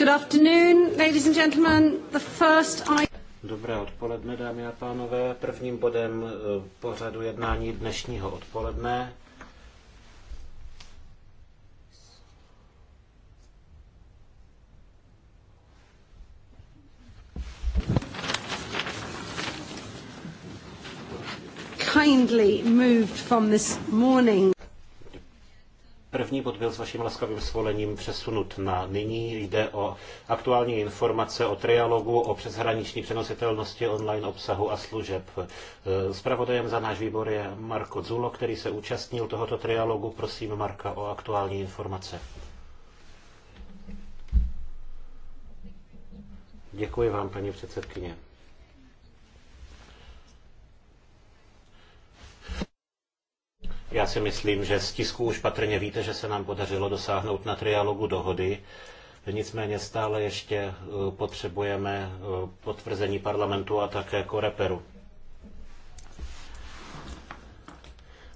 Good afternoon, ladies and gentlemen. The first I... Dobré odpoledne, dámy a pánové. Prvním bodem eh, pořadu jednání dnešního odpoledne kindly moved from this morning. První bod byl s vaším laskavým svolením přesunut na nyní. Jde o aktuální informace o trialogu, o přeshraniční přenositelnosti online obsahu a služeb. Spravodajem e, za náš výbor je Marko Zulo, který se účastnil tohoto trialogu. Prosím Marka o aktuální informace. Děkuji vám, paní předsedkyně. Já si myslím, že z tisku už patrně víte, že se nám podařilo dosáhnout na trialogu dohody. Nicméně stále ještě e, potřebujeme e, potvrzení parlamentu a také koreperu.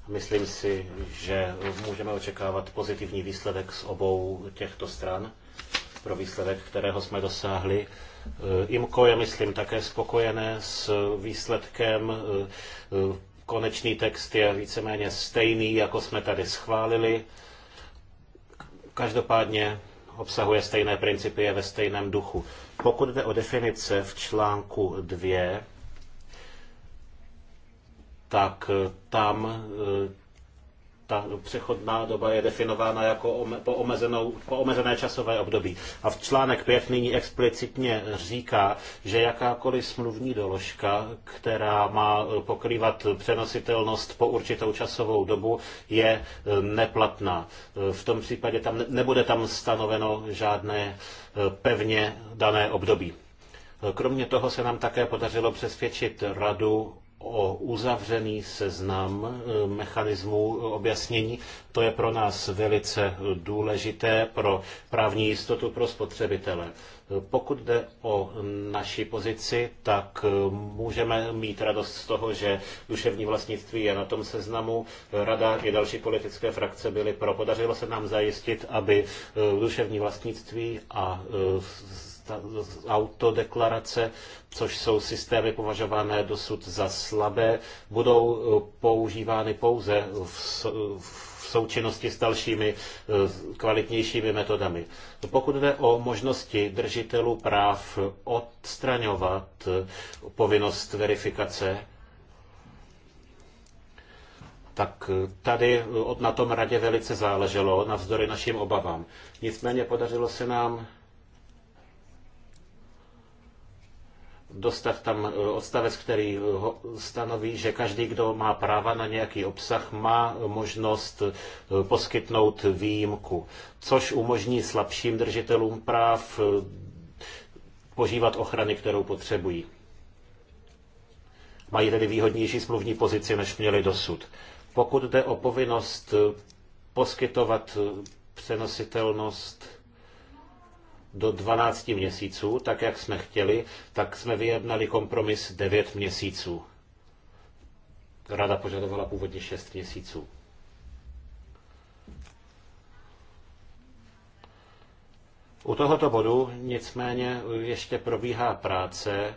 Myslím si, že můžeme očekávat pozitivní výsledek z obou těchto stran pro výsledek, kterého jsme dosáhli. E, IMCO je, myslím, také spokojené s výsledkem konečný text je víceméně stejný, jako jsme tady schválili. Každopádně obsahuje stejné principy, je ve stejném duchu. Pokud jde o definice v článku 2, tak tam eh, ta přechodná doba je definována jako ome, po, omezenou, po omezené časové období. A v článek 5 nyní explicitně říká, že jakákoliv smluvní doložka, která má eh, pokrývat přenositelnost po určitou časovou dobu, je eh, neplatná. Eh, v tom případě tam nebude tam stanoveno žádné pevně dané období. Kromě toho se nám také podařilo přesvědčit radu o uzavřený seznam e, mechanismů objasnění. To je pro nás velice důležité pro právní jistotu pro spotřebitele. E, pokud jde o naši pozici, tak e, můžeme mít radost z toho, že duševní vlastnictví je na tom seznamu. Rada i další politické frakce byly pro. Podařilo se nám zajistit, aby duševní vlastnictví a autodeklarace, což jsou systémy považované dosud za slabé, budou eh, používány pouze v, součinnosti s dalšími eh, kvalitnějšími metodami. Pokud jde o možnosti držitelů práv odstraňovat eh, povinnost verifikace, tak tady na tom radě velice záleželo, navzdory našim obavám. Nicméně podařilo se nám dostat tam e, odstavec, který e, stanoví, že každý, kdo má práva na nějaký obsah, má možnost e, poskytnout výjimku, což umožní slabším držitelům práv požívat ochrany, kterou potřebují. Mají tedy výhodnější smluvní pozici, než měli dosud. Pokud jde o povinnost poskytovat přenositelnost do 12 měsíců, tak jak jsme chtěli, tak jsme vyjednali kompromis 9 měsíců. Rada požadovala původně 6 měsíců. U tohoto bodu nicméně ještě probíhá práce eh,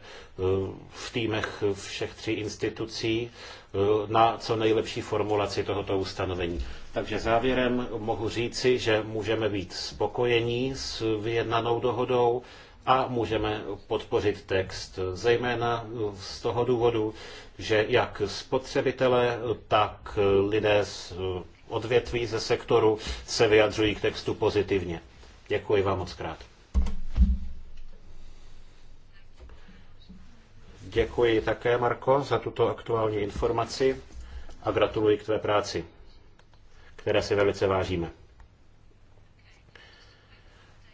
v týmech všech tří institucí Eh, na co nejlepší formulaci tohoto ustanovení. Takže závěrem mohu říci, že můžeme být spokojení s vyjednanou dohodou a můžeme podpořit text, zejména z toho důvodu, že jak spotřebitelé, tak lidé z eh, odvětví ze sektoru se vyjadřují k textu pozitivně. Děkuji vám moc krát. Děkuji také, Marko, za tuto aktuální informaci a gratuluji k tvé práci, které si velice vážíme.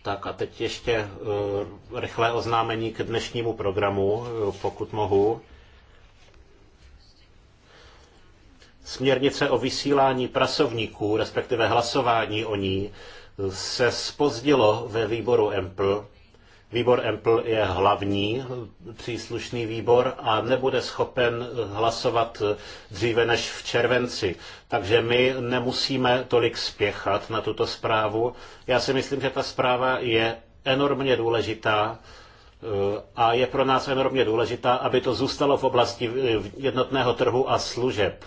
Tak a teď ještě eh, rychlé oznámení k dnešnímu programu, eh, pokud mohu. Směrnice o vysílání pracovníků, respektive hlasování o ní, eh, se spozdilo ve výboru EMPL Výbor EMPL je hlavní příslušný výbor a nebude schopen hlasovat dříve než v červenci. Takže my nemusíme tolik spěchat na tuto zprávu. Já si myslím, že ta zpráva je enormně důležitá eh, a je pro nás enormně důležitá, aby to zůstalo v oblasti jednotného trhu a služeb,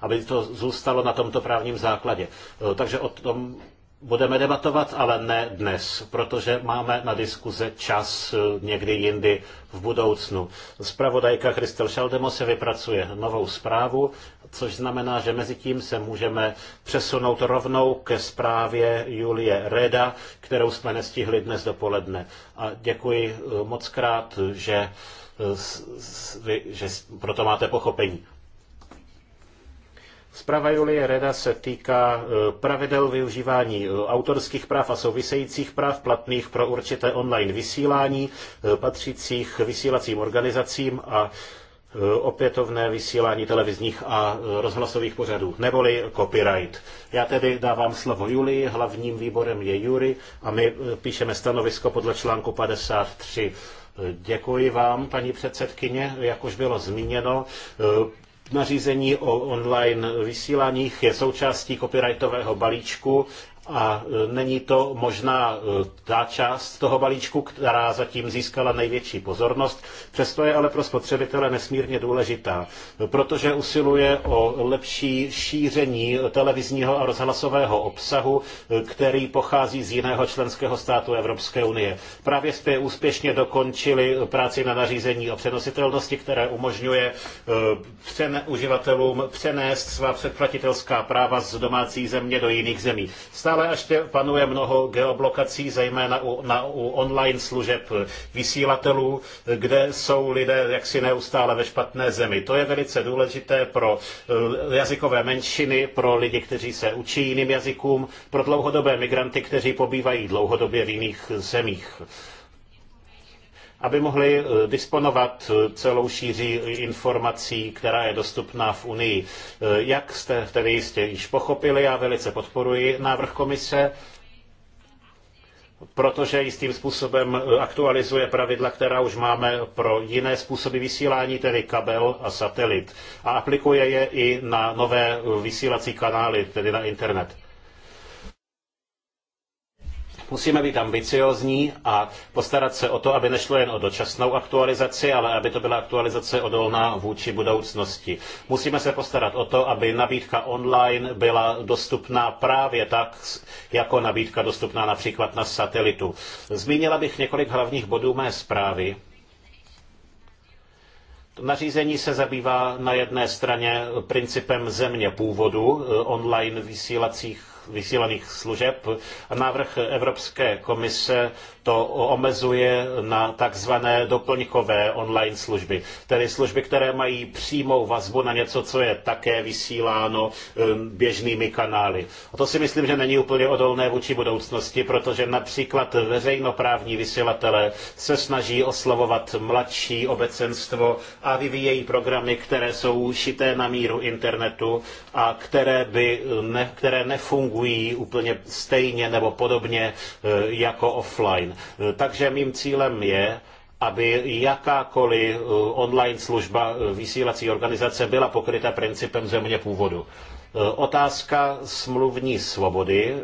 aby to zůstalo na tomto právním základě. Eh, takže o tom budeme debatovat, ale ne dnes, protože máme na diskuze čas eh, někdy jindy v budoucnu. Spravodajka Kristel Šaldemo se vypracuje novou zprávu, což znamená, že mezi tím se můžeme přesunout rovnou ke zprávě Julie Reda, kterou jsme nestihli dnes dopoledne. A děkuji eh, moc krát, že, eh, že proto máte pochopení. Zpráva Julie Reda se týká e, pravidel využívání e, autorských práv a souvisejících práv platných pro určité online vysílání e, patřících vysílacím organizacím a opětovné vysílání televizních a rozhlasových pořadů, neboli copyright. Já tedy dávám slovo Julii, hlavním výborem je Jury a my píšeme stanovisko podle článku 53. Děkuji vám, paní předsedkyně. Jak už bylo zmíněno, nařízení o online vysíláních je součástí copyrightového balíčku a e, není to možná e, ta část toho balíčku, která zatím získala největší pozornost, přesto je ale pro spotřebitele nesmírně důležitá, protože usiluje o lepší šíření televizního a rozhlasového obsahu, e, který pochází z jiného členského státu Evropské unie. Právě jste úspěšně dokončili práci na nařízení o přenositelnosti, které umožňuje přen, uživatelům přenést svá předplatitelská práva z domácí země do jiných zemí. Stále stále ještě panuje mnoho geoblokací, zejména u, na, u online služeb vysílatelů, kde jsou lidé jaksi neustále ve špatné zemi. To je velice důležité pro eh, jazykové menšiny, pro lidi, kteří se učí jiným jazykům, pro dlouhodobé migranty, kteří pobývají dlouhodobě v jiných zemích aby mohli eh, disponovat eh, celou šíří informací, která je dostupná v Unii. Eh, jak jste tedy jistě již pochopili, já velice podporuji návrh komise, protože jistým způsobem aktualizuje pravidla, která už máme pro jiné způsoby vysílání, tedy kabel a satelit. A aplikuje je i na nové vysílací kanály, tedy na internet. Musíme být ambiciozní a postarat se o to, aby nešlo jen o dočasnou aktualizaci, ale aby to byla aktualizace odolná vůči budoucnosti. Musíme se postarat o to, aby nabídka online byla dostupná právě tak, jako nabídka dostupná například na satelitu. Zmínila bych několik hlavních bodů mé zprávy. Nařízení se zabývá na jedné straně principem země původu eh, online vysílacích vysílaných služeb. Návrh Evropské komise to omezuje na takzvané doplňkové online služby, tedy služby, které mají přímou vazbu na něco, co je také vysíláno um, běžnými kanály. A to si myslím, že není úplně odolné vůči budoucnosti, protože například veřejnoprávní vysílatelé se snaží oslovovat mladší obecenstvo a vyvíjejí programy, které jsou šité na míru internetu a které, by ne, které nefungují úplně stejně nebo podobně uh, jako offline. Eh, takže mým cílem je, aby jakákoliv eh, online služba eh, vysílací organizace byla pokryta principem země původu. Otázka smluvní svobody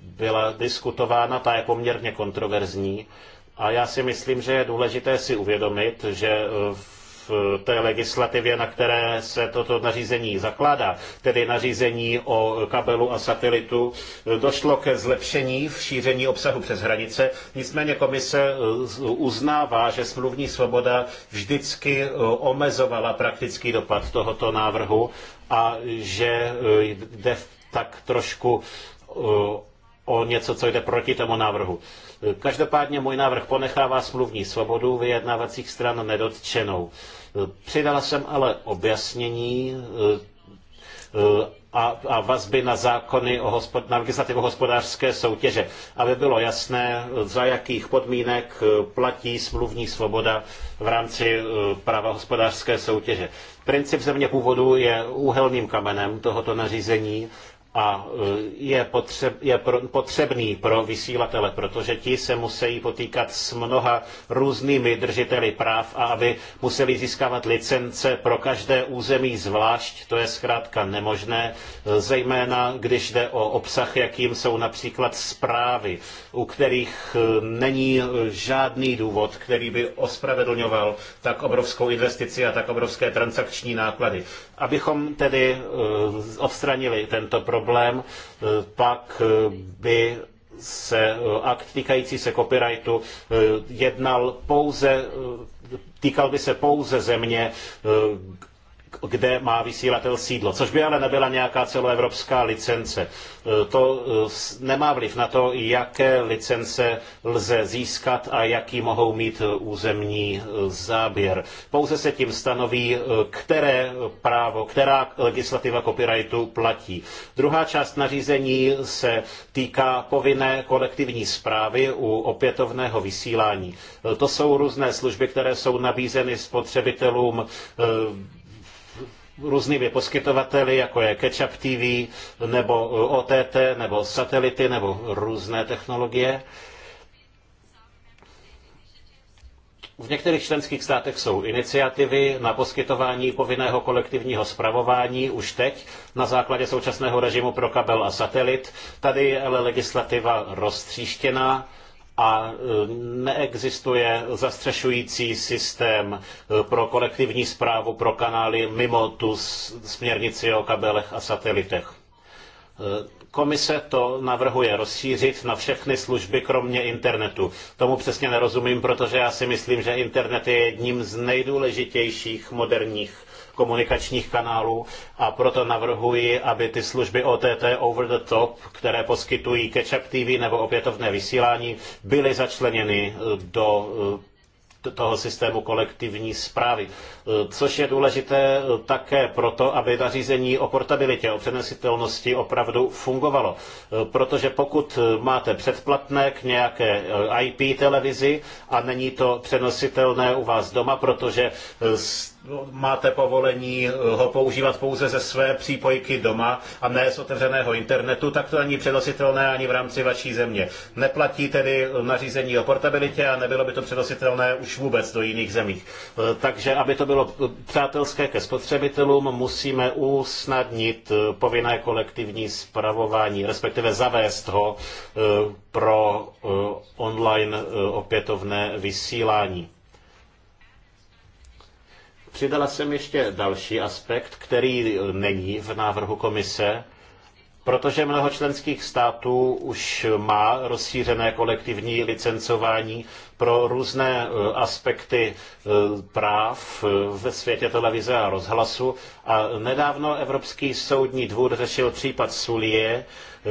byla diskutována, ta je poměrně kontroverzní. A já si myslím, že je důležité si uvědomit, že v té legislativě, na které se toto nařízení zakládá, tedy nařízení o kabelu a satelitu, došlo ke zlepšení v šíření obsahu přes hranice. Nicméně komise eh, uznává, že smluvní svoboda vždycky eh, omezovala praktický dopad tohoto návrhu a že eh, jde tak trošku o něco, co jde proti tomu návrhu. Každopádně můj návrh ponechává smluvní svobodu vyjednávacích stran nedotčenou. Přidala jsem ale objasnění eh, eh, a, a vazby na zákony o hospod, na legislativu hospodářské soutěže, aby bylo jasné, za jakých podmínek eh, platí smluvní svoboda v rámci práva hospodářské soutěže. Princip země původu je úhelným kamenem tohoto nařízení a e, je, potřeb, je, potřebný pro vysílatele, protože ti se musí potýkat s mnoha různými držiteli práv a aby museli získávat licence pro každé území zvlášť, to je zkrátka nemožné, e, zejména když jde o obsah, jakým jsou například zprávy, u kterých e, není žádný důvod, který by ospravedlňoval tak obrovskou investici a tak obrovské transakční náklady. Abychom tedy odstranili tento problém, problém, e, pak e, by se e, akt týkající se copyrightu jednal pouze, týkal by se pouze země, kde má vysílatel sídlo, což by ale nebyla nějaká celoevropská licence. E, to e, nemá vliv na to, jaké licence lze získat a jaký mohou mít e, územní záběr. Pouze se tím stanoví, které právo, která legislativa copyrightu platí. Druhá část nařízení se týká povinné kolektivní správy u opětovného vysílání. To jsou různé služby, které jsou nabízeny spotřebitelům různými poskytovateli, jako je Ketchup TV, nebo eh, OTT, nebo satelity, nebo různé technologie. V některých členských státech jsou iniciativy na poskytování povinného kolektivního zpravování už teď na základě současného režimu pro kabel a satelit. Tady je ale legislativa roztříštěná a e, neexistuje zastřešující systém e, pro kolektivní správu pro kanály mimo tu směrnici o kabelech a satelitech. E, komise to navrhuje rozšířit na všechny služby, kromě internetu. Tomu přesně nerozumím, protože já si myslím, že internet je jedním z nejdůležitějších moderních komunikačních kanálů a proto navrhuji, aby ty služby OTT over the top, které poskytují Catch-up TV nebo opětovné vysílání, byly začleněny eh, do eh, toho systému kolektivní správy. Eh, což je důležité také proto, aby nařízení o portabilitě, o přenesitelnosti opravdu fungovalo. Protože pokud máte předplatné k nějaké IP televizi a není to přenositelné u vás doma, protože máte povolení eh, ho používat pouze ze své přípojky doma a ne z otevřeného internetu, tak to není přenositelné ani v rámci vaší země. Neplatí tedy eh, nařízení o portabilitě a nebylo by to přenositelné už vůbec do jiných zemí. Eh, takže aby to bylo přátelské ke spotřebitelům, musíme usnadnit povinné kolektivní spravování, respektive zavést ho pro online opětovné vysílání. Přidala jsem ještě další aspekt, který e, není v návrhu komise, protože mnoho členských států už má rozšířené kolektivní licencování pro různé e, aspekty e, práv ve světě televize a rozhlasu. A nedávno Evropský soudní dvůr řešil případ Sulie,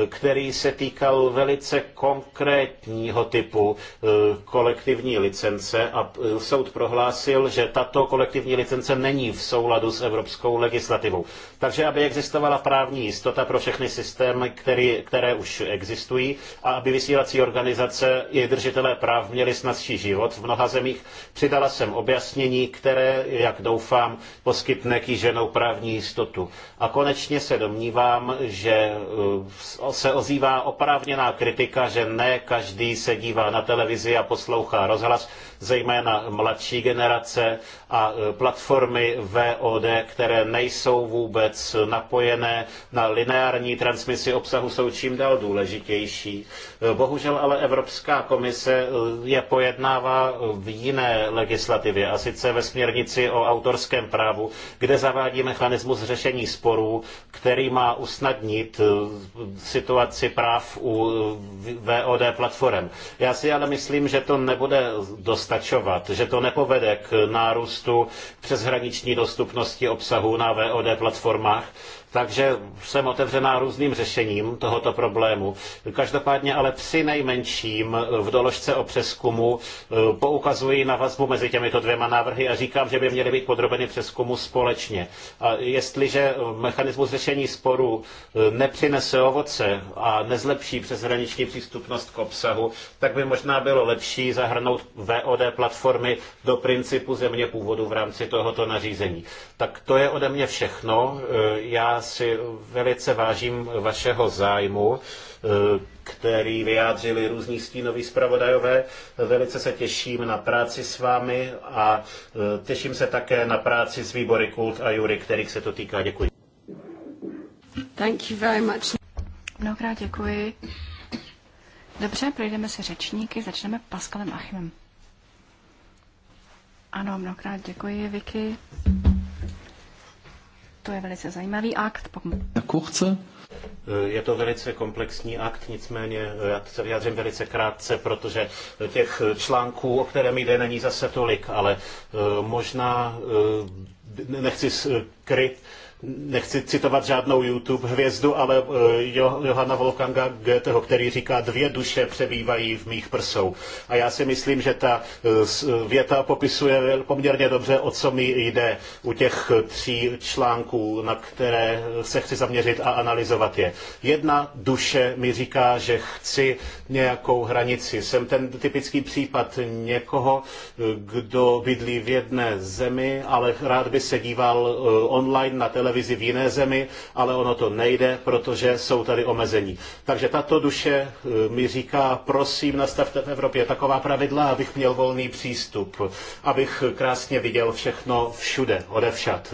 který se týkal velice konkrétního typu eh, kolektivní licence a eh, soud prohlásil, že tato kolektivní licence není v souladu s evropskou legislativou. Takže aby existovala právní jistota pro všechny systémy, který, které už existují a aby vysílací organizace i držitelé práv měli snazší život v mnoha zemích, přidala jsem objasnění, které, jak doufám, poskytne kýženou právní jistotu. A konečně se domnívám, že eh, se ozývá oprávněná kritika, že ne každý se dívá na televizi a poslouchá rozhlas zejména mladší generace a e, platformy VOD, které nejsou vůbec napojené na lineární transmisi obsahu, jsou čím dál důležitější. E, bohužel ale Evropská komise e, je pojednává v jiné legislativě, a sice ve směrnici o autorském právu, kde zavádí mechanismus řešení sporů, který má usnadnit situaci práv u VOD platform. Já si ale myslím, že to nebude dost stačovat, že to nepovede k nárůstu přeshraniční dostupnosti obsahu na VOD platformách, takže jsem otevřená různým řešením tohoto problému. Každopádně ale při nejmenším v doložce o přeskumu e, poukazuji na vazbu mezi těmito dvěma návrhy a říkám, že by měly být podrobeny přeskumu společně. A jestliže e, mechanismus řešení sporů e, nepřinese ovoce a nezlepší přeshraniční přístupnost k obsahu, tak by možná bylo lepší zahrnout VOD platformy do principu země původu v rámci tohoto nařízení. Tak to je ode mě všechno. Já si velice vážím vašeho zájmu, eh, který vyjádřili různí stínoví zpravodajové. Velice se těším na práci s vámi a eh, těším se také na práci s výbory Kult a Jury, kterých se to týká. Děkuji. Thank you very much. Mnohokrát děkuji. Dobře, projdeme se řečníky, začneme Paskalem Achimem. Ano, mnohokrát děkuji, Vicky. To je velice zajímavý akt. Na kuchce? Eh, je to velice komplexní akt, nicméně eh, já se vyjádřím velice krátce, protože těch eh, článků, o které mi jde, není zase tolik, ale možná nechci skryt, nechci citovat žádnou YouTube hvězdu, ale eh, Johana Wolfganga Goetheho, který říká, dvě duše přebývají v mých prsou. A já si myslím, že ta eh, věta popisuje poměrně dobře, o co mi jde u těch tří článků, na které se chci zaměřit a analyzovat je. Jedna duše mi říká, že chci nějakou hranici. Jsem ten typický případ někoho, eh, kdo bydlí v jedné zemi, ale rád by se díval online na televizi televizi v jiné zemi, ale ono to nejde, protože jsou tady omezení. Takže tato duše eh, mi říká, prosím, nastavte v Evropě taková pravidla, abych měl volný přístup, abych krásně viděl všechno všude, odevšad.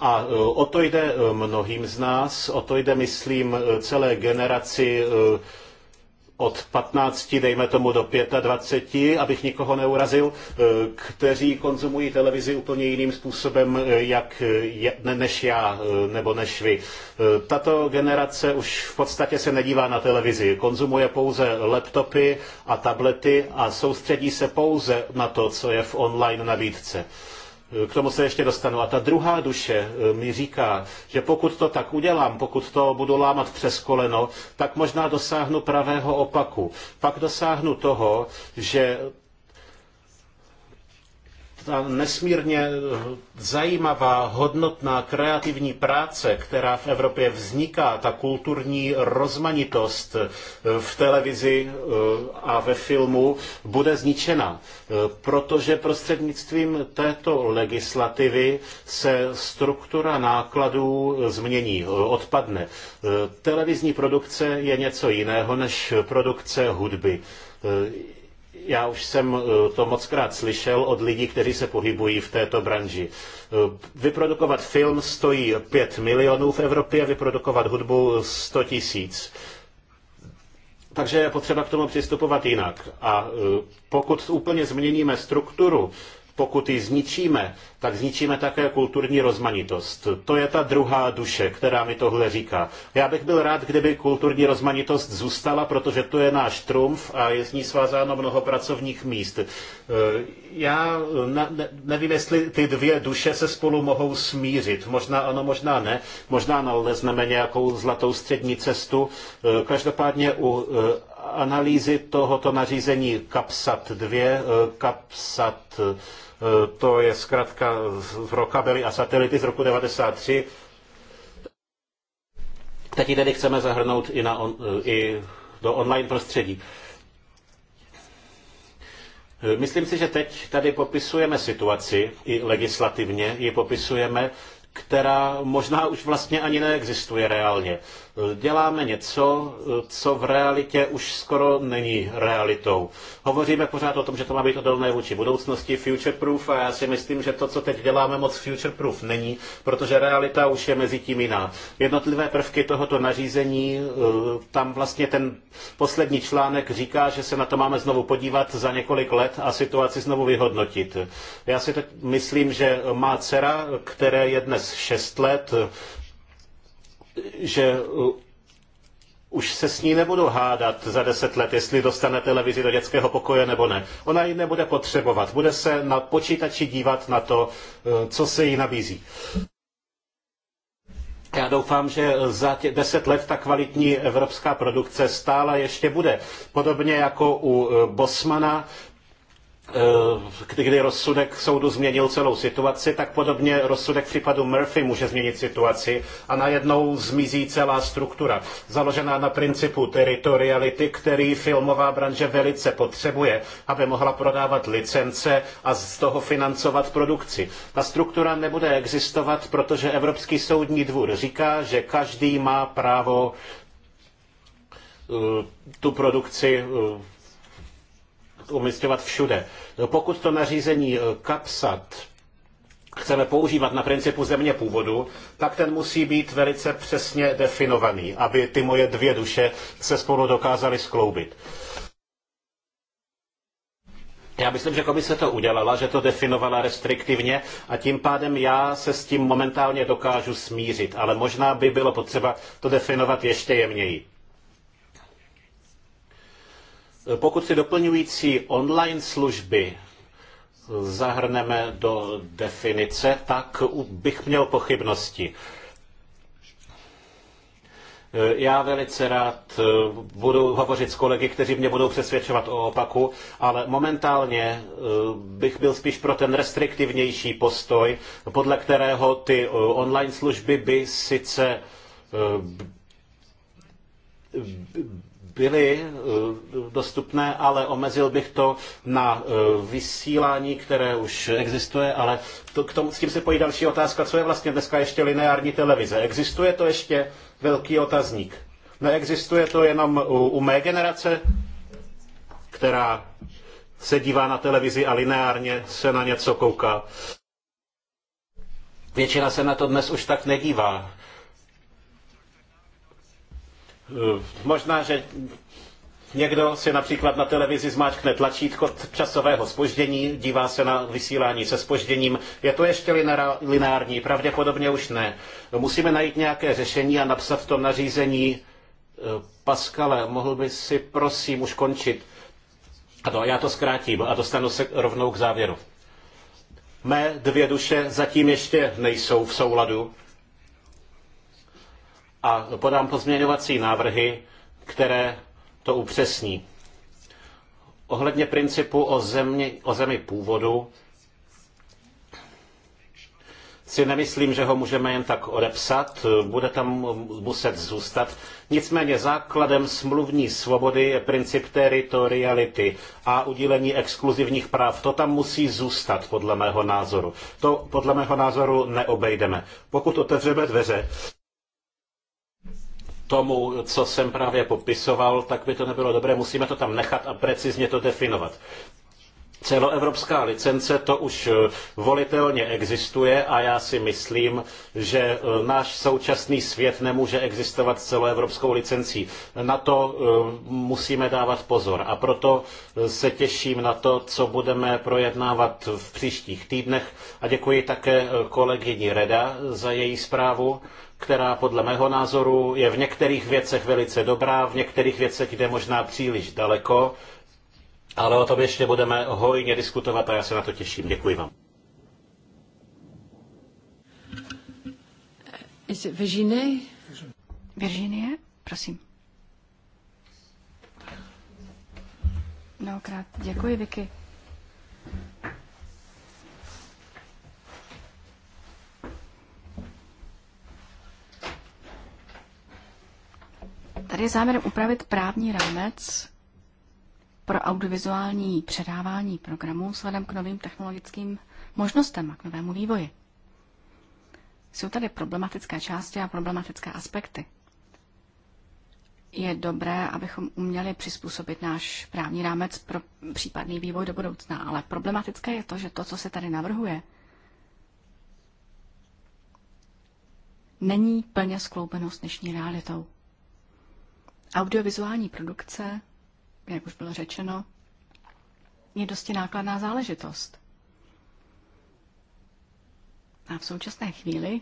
A eh, o to jde eh, mnohým z nás, o to jde, myslím, celé generaci od 15, dejme tomu, do 25, abych nikoho neurazil, eh, kteří konzumují televizi úplně jiným způsobem, eh, jak je, než já eh, nebo než vy. Tato generace už v podstatě se nedívá na televizi, konzumuje pouze laptopy a tablety a soustředí se pouze na to, co je v online nabídce. K tomu se ještě dostanu. A ta druhá duše eh, mi říká, že pokud to tak udělám, pokud to budu lámat přes koleno, tak možná dosáhnu pravého opaku. Pak dosáhnu toho, že ta nesmírně zajímavá, hodnotná, kreativní práce, která v Evropě vzniká, ta kulturní rozmanitost eh, v televizi eh, a ve filmu bude zničena, eh, protože prostřednictvím této legislativy se struktura nákladů změní, odpadne. Televizní produkce je něco jiného než produkce hudby já už jsem eh, to mockrát slyšel od lidí, kteří se pohybují v této branži. Eh, vyprodukovat film stojí 5 milionů v Evropě, vyprodukovat hudbu 100 tisíc. Takže je potřeba k tomu přistupovat jinak. A eh, pokud úplně změníme strukturu pokud ji zničíme, tak zničíme také kulturní rozmanitost. To je ta druhá duše, která mi tohle říká. Já bych byl rád, kdyby kulturní rozmanitost zůstala, protože to je náš trumf a je s ní svázáno mnoho pracovních míst. E, já nevím, jestli ty dvě duše se spolu mohou smířit. Možná ano, možná ne. Možná nalezneme nějakou zlatou střední cestu. E, každopádně u e, analýzy tohoto nařízení CAPSAT 2. CAPSAT eh, eh, to je zkrátka pro kabely a satelity z roku 93. Teď ji tedy chceme zahrnout i, na on, eh, i do online prostředí. Myslím si, že teď tady popisujeme situaci, i legislativně ji popisujeme, která možná už vlastně ani neexistuje reálně. Děláme něco, co v realitě už skoro není realitou. Hovoříme pořád o tom, že to má být odolné vůči budoucnosti, future proof, a já si myslím, že to, co teď děláme, moc future proof není, protože realita už je mezi tím jiná. Jednotlivé prvky tohoto nařízení, eh, tam vlastně ten poslední článek říká, že se na to máme znovu podívat za několik let a situaci znovu vyhodnotit. Já si teď myslím, že má dcera, které je dnes 6 let, že uh, už se s ní nebudou hádat za deset let, jestli dostane televizi do dětského pokoje nebo ne. Ona ji nebude potřebovat. Bude se na počítači dívat na to, uh, co se jí nabízí. Já doufám, že za tě, deset let ta kvalitní evropská produkce stála ještě bude. Podobně jako u uh, Bosmana, Eh, kdy rozsudek soudu změnil celou situaci, tak podobně rozsudek v případu Murphy může změnit situaci a najednou zmizí celá struktura, založená na principu teritoriality, který filmová branže velice potřebuje, aby mohla prodávat licence a z toho financovat produkci. Ta struktura nebude existovat, protože Evropský soudní dvůr říká, že každý má právo eh, tu produkci eh, umistovat všude. Pokud to nařízení eh, kapsat chceme používat na principu země původu, tak ten musí být velice přesně definovaný, aby ty moje dvě duše se spolu dokázaly skloubit. Já myslím, že komise to udělala, že to definovala restriktivně a tím pádem já se s tím momentálně dokážu smířit, ale možná by bylo potřeba to definovat ještě jemněji. Pokud ty doplňující online služby zahrneme do definice, tak bych měl pochybnosti. Já velice rád eh, budu hovořit s kolegy, kteří mě budou přesvědčovat o opaku, ale momentálně eh, bych byl spíš pro ten restriktivnější postoj, podle kterého ty eh, online služby by sice byly eh, dostupné, ale omezil bych to na eh, vysílání, které už existuje, ale to, k tomu, s tím se pojí další otázka, co je vlastně dneska ještě lineární televize. Existuje to ještě velký otazník? Neexistuje to jenom u, u mé generace, která se dívá na televizi a lineárně se na něco kouká. Většina se na to dnes už tak nedívá. Eh, možná, že někdo si například na televizi zmáčkne tlačítko časového spoždění, dívá se na vysílání se spožděním. Je to ještě lineární? Pravděpodobně už ne. Musíme najít nějaké řešení a napsat v tom nařízení eh, Paskale, mohl by si prosím už končit. A to, já to zkrátím a dostanu se rovnou k závěru. Mé dvě duše zatím ještě nejsou v souladu a podám pozměňovací návrhy, které to upřesní. Ohledně principu o zemi, o zemi původu si nemyslím, že ho můžeme jen tak odepsat, bude tam muset zůstat. Nicméně základem smluvní svobody je princip teritoriality a udílení exkluzivních práv. To tam musí zůstat, podle mého názoru. To podle mého názoru neobejdeme. Pokud otevřeme dveře tomu, co jsem právě popisoval, tak by to nebylo dobré. Musíme to tam nechat a precizně to definovat. Celoevropská licence to už eh, volitelně existuje a já si myslím, že eh, náš současný svět nemůže existovat celoevropskou licencí. Na to eh, musíme dávat pozor a proto se těším na to, co budeme projednávat v příštích týdnech a děkuji také kolegyni Reda za její zprávu která podle mého názoru je v některých věcech velice dobrá, v některých věcech jde možná příliš daleko, ale o tom ještě budeme hojně diskutovat a já se na to těším. Děkuji vám. Is it Virginie? Virginie, prosím. Mnohokrát děkuji, Vicky. Tady je záměrem upravit právní rámec pro audiovizuální předávání programů vzhledem k novým technologickým možnostem a k novému vývoji. Jsou tady problematické části a problematické aspekty. Je dobré, abychom uměli přizpůsobit náš právní rámec pro případný vývoj do budoucna, ale problematické je to, že to, co se tady navrhuje, není plně skloubeno s dnešní realitou. Audiovizuální produkce, jak už bylo řečeno, je dosti nákladná záležitost. A v současné chvíli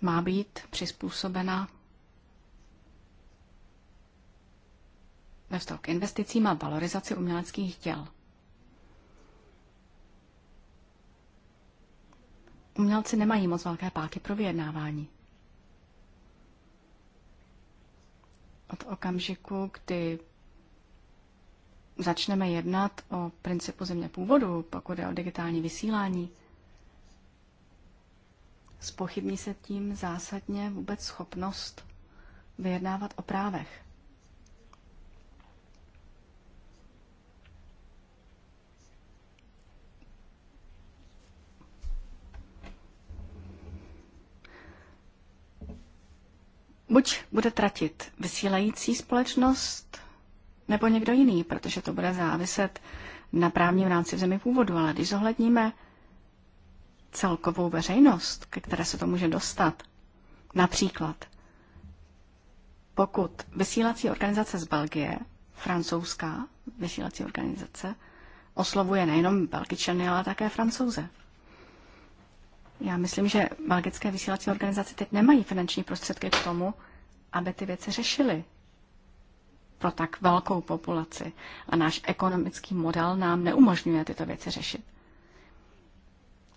má být přizpůsobena ve vztahu k investicím a valorizaci uměleckých děl. Umělci nemají moc velké páky pro vyjednávání. od okamžiku, kdy začneme jednat o principu země původu, pokud je o digitální vysílání, spochybní se tím zásadně vůbec schopnost vyjednávat o právech. buď bude tratit vysílající společnost, nebo někdo jiný, protože to bude záviset na právním rámci v zemi původu. Ale když zohledníme celkovou veřejnost, ke které se to může dostat, například pokud vysílací organizace z Belgie, francouzská vysílací organizace, oslovuje nejenom Belgičany, ale také Francouze. Já myslím, že belgické vysílací organizace teď nemají finanční prostředky k tomu, aby ty věci řešily pro tak velkou populaci. A náš ekonomický model nám neumožňuje tyto věci řešit.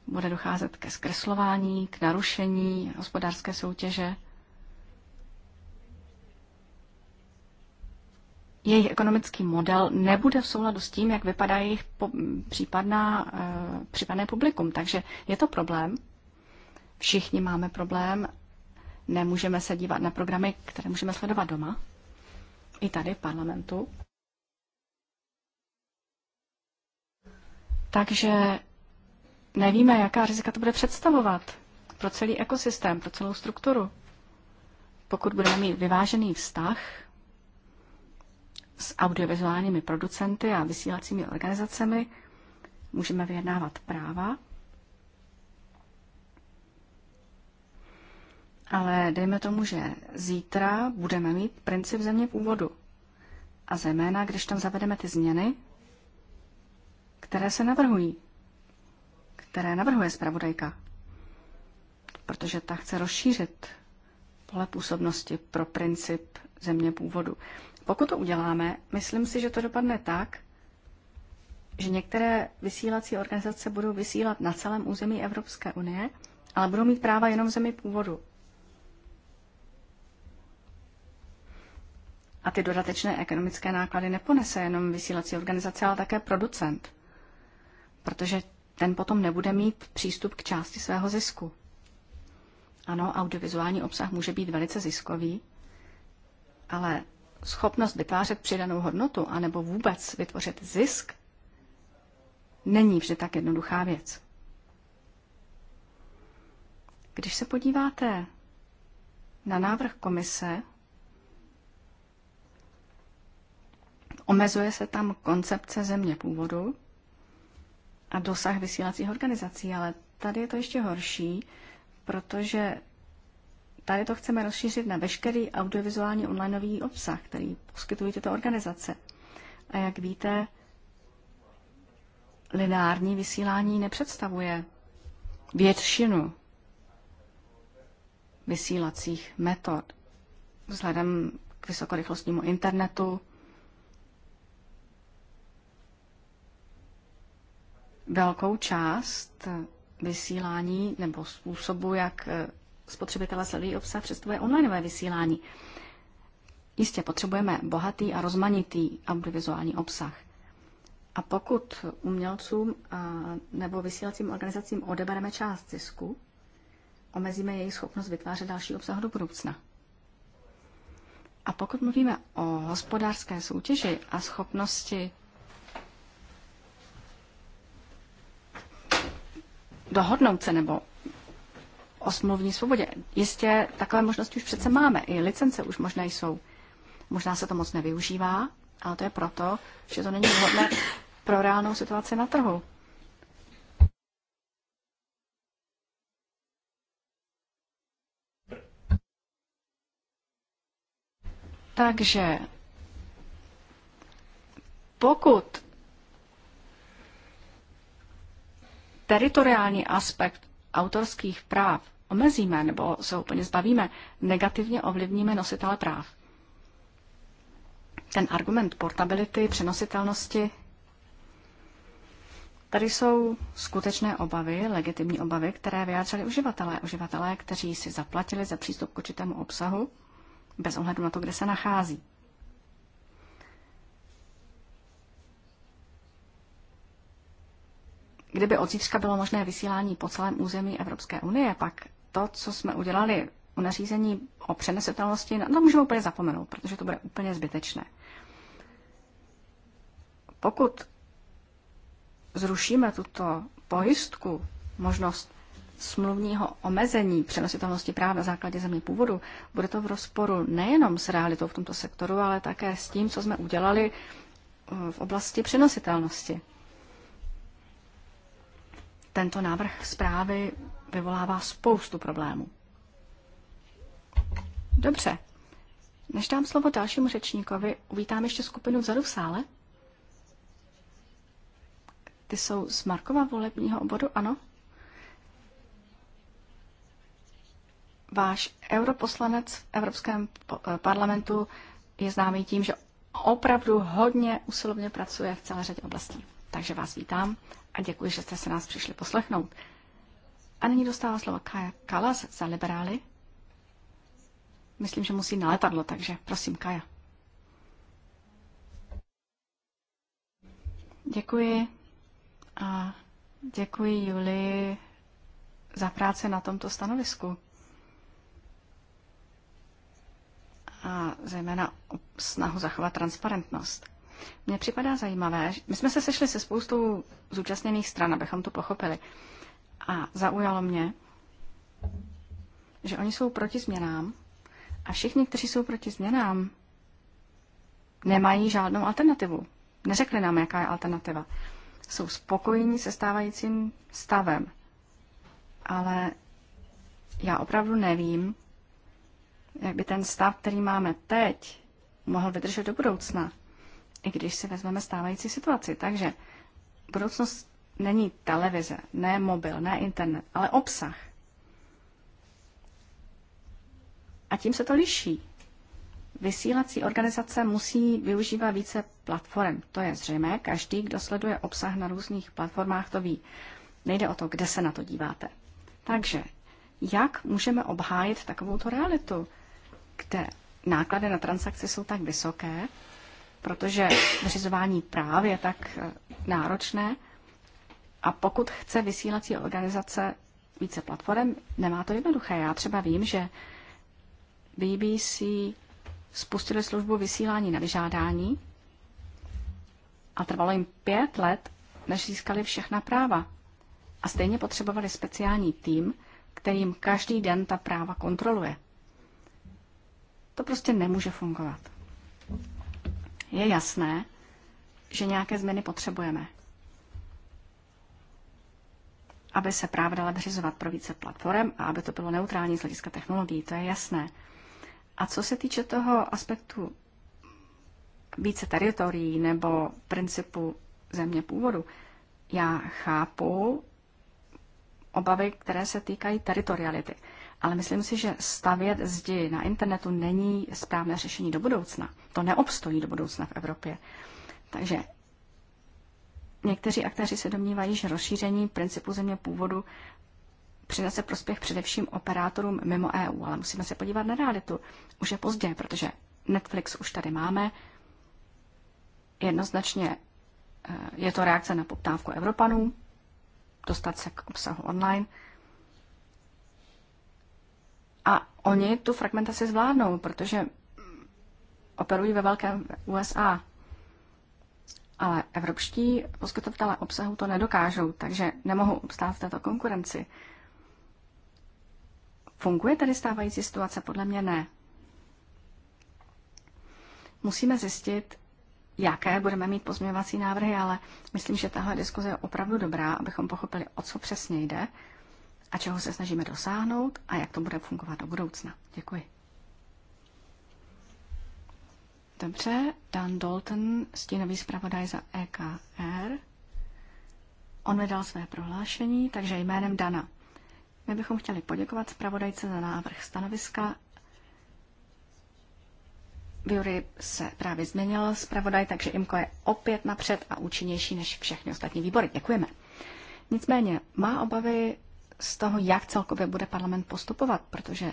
Bude docházet ke zkreslování, k narušení hospodářské soutěže. Jejich ekonomický model nebude v souladu s tím, jak vypadá jejich po, případná, e, eh, případné publikum. Takže je to problém, Všichni máme problém, nemůžeme se dívat na programy, které můžeme sledovat doma, i tady v parlamentu. Takže nevíme, jaká rizika to bude představovat pro celý ekosystém, pro celou strukturu. Pokud budeme mít vyvážený vztah s audiovizuálními producenty a vysílacími organizacemi, můžeme vyjednávat práva Ale dejme tomu, že zítra budeme mít princip země původu. A zejména, když tam zavedeme ty změny, které se navrhují, které navrhuje zpravodajka. Protože ta chce rozšířit pole působnosti pro princip země původu. Pokud to uděláme, myslím si, že to dopadne tak, že některé vysílací organizace budou vysílat na celém území Evropské unie, ale budou mít práva jenom v zemi původu. A ty dodatečné ekonomické náklady neponese jenom vysílací organizace, ale také producent. Protože ten potom nebude mít přístup k části svého zisku. Ano, audiovizuální obsah může být velice ziskový, ale schopnost vytvářet přidanou hodnotu anebo vůbec vytvořit zisk není vždy tak jednoduchá věc. Když se podíváte na návrh komise, Omezuje se tam koncepce země původu a dosah vysílacích organizací, ale tady je to ještě horší, protože tady to chceme rozšířit na veškerý audiovizuální onlineový obsah, který poskytují tyto organizace. A jak víte, lineární vysílání nepředstavuje většinu vysílacích metod vzhledem k vysokorychlostnímu internetu velkou část vysílání nebo způsobu, jak eh, spotřebitelé sledují obsah, tvoje onlineové vysílání. Jistě potřebujeme bohatý a rozmanitý audiovizuální obsah. A pokud umělcům a, nebo vysílacím organizacím odebereme část zisku, omezíme jejich schopnost vytvářet další obsah do budoucna. A pokud mluvíme o hospodářské soutěži a schopnosti dohodnout se nebo o smluvní svobodě. Jistě takové možnosti už přece máme. I licence už možná jsou. Možná se to moc nevyužívá, ale to je proto, že to není vhodné pro reálnou situaci na trhu. Takže pokud teritoriální aspekt autorských práv omezíme nebo se úplně zbavíme, negativně ovlivníme nositele práv. Ten argument portability, přenositelnosti, tady jsou skutečné obavy, legitimní obavy, které vyjádřili uživatelé. Uživatelé, kteří si zaplatili za přístup k určitému obsahu, bez ohledu na to, kde se nachází. kdyby od zítřka bylo možné vysílání po celém území Evropské unie, pak to, co jsme udělali u nařízení o přenesetelnosti, no, to můžeme úplně zapomenout, protože to bude úplně zbytečné. Pokud zrušíme tuto pojistku, možnost smluvního omezení přenositelnosti práv na základě země původu, bude to v rozporu nejenom s realitou v tomto sektoru, ale také s tím, co jsme udělali eh, v oblasti přenositelnosti. Tento návrh zprávy vyvolává spoustu problémů. Dobře. Než dám slovo dalšímu řečníkovi, uvítám ještě skupinu vzadu v sále. Ty jsou z Markova volebního obodu, ano? Váš europoslanec v Evropském eh, parlamentu je známý tím, že opravdu hodně usilovně pracuje v celé řadě oblastí. Takže vás vítám a děkuji, že jste se nás přišli poslechnout. A nyní dostává slovo Kaja Kalas za liberály. Myslím, že musí na letadlo, takže prosím, Kaja. Děkuji a děkuji Juli za práci na tomto stanovisku. A zejména snahu zachovat transparentnost. Mně připadá zajímavé, my jsme se sešli se spoustou zúčastněných stran, abychom to pochopili. A zaujalo mě, že oni jsou proti změnám a všichni, kteří jsou proti změnám, nemají žádnou alternativu. Neřekli nám, jaká je alternativa. Jsou spokojení se stávajícím stavem. Ale já opravdu nevím, jak by ten stav, který máme teď, mohl vydržet do budoucna i když si vezmeme stávající situaci. Takže budoucnost není televize, ne mobil, ne internet, ale obsah. A tím se to liší. Vysílací organizace musí využívat více platform. To je zřejmé, každý, kdo sleduje obsah na různých platformách, to ví. Nejde o to, kde se na to díváte. Takže, jak můžeme obhájit takovouto realitu, kde náklady na transakce jsou tak vysoké, protože vyřizování práv je tak eh, náročné a pokud chce vysílací organizace více platform, nemá to jednoduché. Já třeba vím, že BBC spustili službu vysílání na vyžádání a trvalo jim pět let, než získali všechna práva. A stejně potřebovali speciální tým, kterým každý den ta práva kontroluje. To prostě nemůže fungovat je jasné, že nějaké změny potřebujeme, aby se práva dala vyřizovat pro více platform a aby to bylo neutrální z hlediska technologií, to je jasné. A co se týče toho aspektu více teritorií nebo principu země původu, já chápu obavy, které se týkají teritoriality. Ale myslím si, že stavět zdi na internetu není správné řešení do budoucna. To neobstojí do budoucna v Evropě. Takže někteří aktéři se domnívají, že rozšíření principu země původu přinese prospěch především operátorům mimo EU, ale musíme se podívat na realitu. Už je pozdě, protože Netflix už tady máme. Jednoznačně eh, je to reakce na poptávku Evropanů, dostat se k obsahu online – Oni tu fragmentaci zvládnou, protože operují ve velkém USA. Ale evropští poskytovatelé obsahu to nedokážou, takže nemohou obstát v této konkurenci. Funguje tedy stávající situace? Podle mě ne. Musíme zjistit, jaké budeme mít pozměňovací návrhy, ale myslím, že tahle diskuze je opravdu dobrá, abychom pochopili, o co přesně jde a čeho se snažíme dosáhnout a jak to bude fungovat do budoucna. Děkuji. Dobře, Dan Dalton, stínový zpravodaj za EKR. On vydal své prohlášení, takže jménem Dana. My bychom chtěli poděkovat zpravodajce za návrh stanoviska. Jury se právě změnil zpravodaj, takže IMKO je opět napřed a účinnější než všechny ostatní výbory. Děkujeme. Nicméně má obavy z toho, jak celkově bude parlament postupovat, protože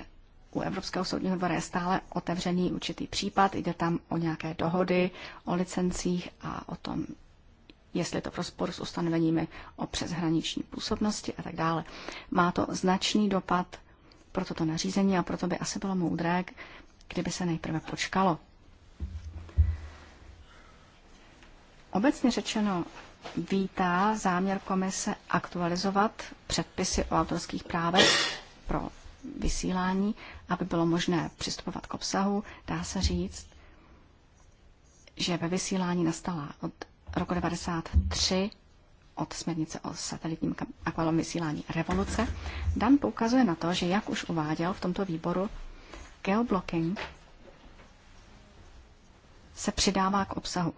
u Evropského soudního dvora je stále otevřený určitý případ, jde tam o nějaké dohody, o licencích a o tom, jestli je to v rozporu s ustanoveními o přeshraniční působnosti a tak dále. Má to značný dopad pro toto nařízení a proto by asi bylo moudré, kdyby se nejprve počkalo. Obecně řečeno, vítá záměr komise aktualizovat předpisy o autorských právech pro vysílání, aby bylo možné přistupovat k obsahu. Dá se říct, že ve vysílání nastala od roku 1993 od směrnice o satelitním akvalom vysílání revoluce. Dan poukazuje na to, že jak už uváděl v tomto výboru, geoblocking se přidává k obsahu.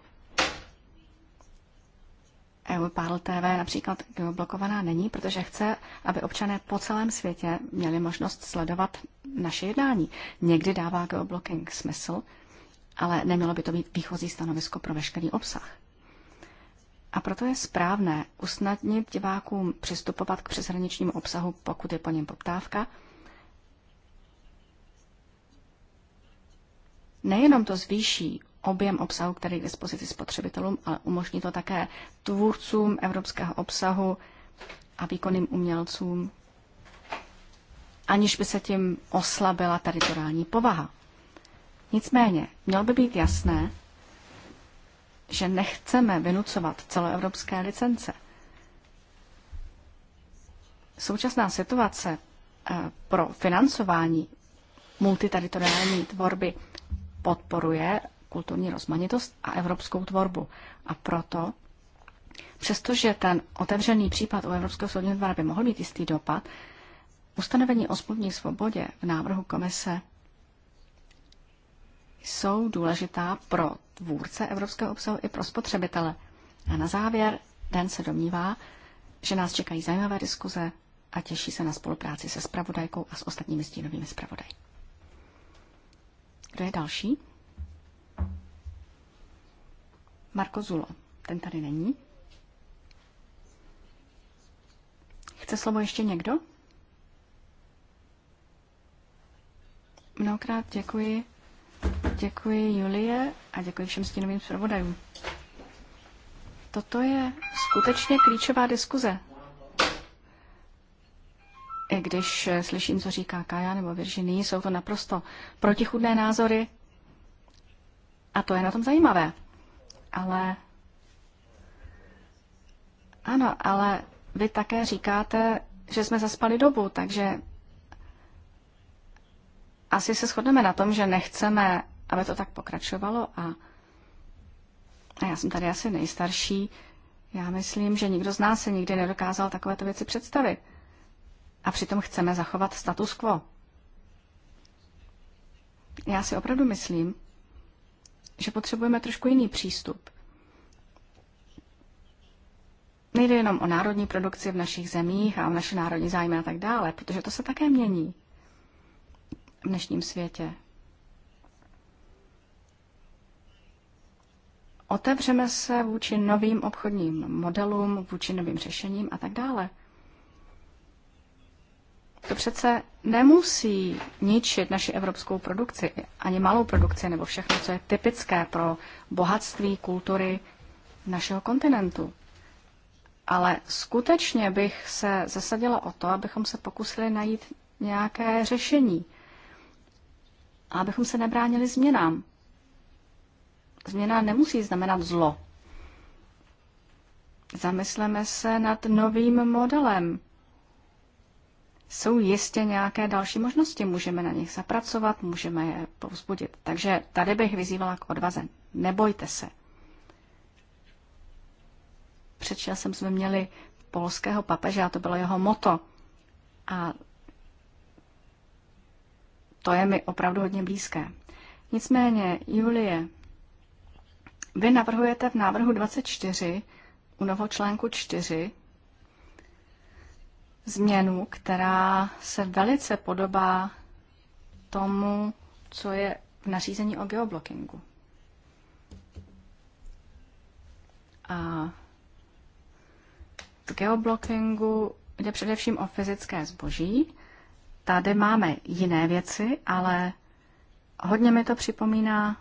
Europal TV například geoblokovaná není, protože chce, aby občané po celém světě měli možnost sledovat naše jednání. Někdy dává geoblocking smysl, ale nemělo by to být výchozí stanovisko pro veškerý obsah. A proto je správné usnadnit divákům přistupovat k přeshraničnímu obsahu, pokud je po něm poptávka. Nejenom to zvýší objem obsahu, který je k dispozici spotřebitelům, ale umožní to také tvůrcům evropského obsahu a výkonným umělcům, aniž by se tím oslabila teritoriální povaha. Nicméně, mělo by být jasné, že nechceme vynucovat celoevropské licence. Současná situace eh, pro financování multiteritoriální tvorby podporuje kulturní rozmanitost a evropskou tvorbu. A proto, přestože ten otevřený případ u Evropského soudního dvora by mohl mít jistý dopad, ustanovení o smluvní svobodě v návrhu komise jsou důležitá pro tvůrce evropského obsahu i pro spotřebitele. A na závěr Den se domnívá, že nás čekají zajímavé diskuze a těší se na spolupráci se spravodajkou a s ostatními stínovými zpravodaji. Kdo je další? Marko Zulo. Ten tady není. Chce slovo ještě někdo? Mnohokrát děkuji. Děkuji Julie a děkuji všem stínovým zpravodajům. Toto je skutečně klíčová diskuze. I když slyším, co říká Kaja nebo Virginie, jsou to naprosto protichudné názory. A to je na tom zajímavé ale ano, ale vy také říkáte, že jsme zaspali dobu, takže asi se shodneme na tom, že nechceme, aby to tak pokračovalo a, a já jsem tady asi nejstarší. Já myslím, že nikdo z nás se nikdy nedokázal takovéto věci představit. A přitom chceme zachovat status quo. Já si opravdu myslím, že potřebujeme trošku jiný přístup. Nejde jenom o národní produkci v našich zemích a o naše národní zájmy a tak dále, protože to se také mění v dnešním světě. Otevřeme se vůči novým obchodním modelům, vůči novým řešením a tak dále. To přece nemusí ničit naši evropskou produkci, ani malou produkci, nebo všechno, co je typické pro bohatství kultury našeho kontinentu. Ale skutečně bych se zasadila o to, abychom se pokusili najít nějaké řešení a abychom se nebránili změnám. Změna nemusí znamenat zlo. Zamysleme se nad novým modelem jsou jistě nějaké další možnosti. Můžeme na nich zapracovat, můžeme je povzbudit. Takže tady bych vyzývala k odvaze. Nebojte se. Před časem jsme měli polského papeže a to bylo jeho moto. A to je mi opravdu hodně blízké. Nicméně, Julie, vy navrhujete v návrhu 24 u novočlánku 4 změnu, která se velice podobá tomu, co je v nařízení o geoblockingu. A v geoblockingu jde především o fyzické zboží. Tady máme jiné věci, ale hodně mi to připomíná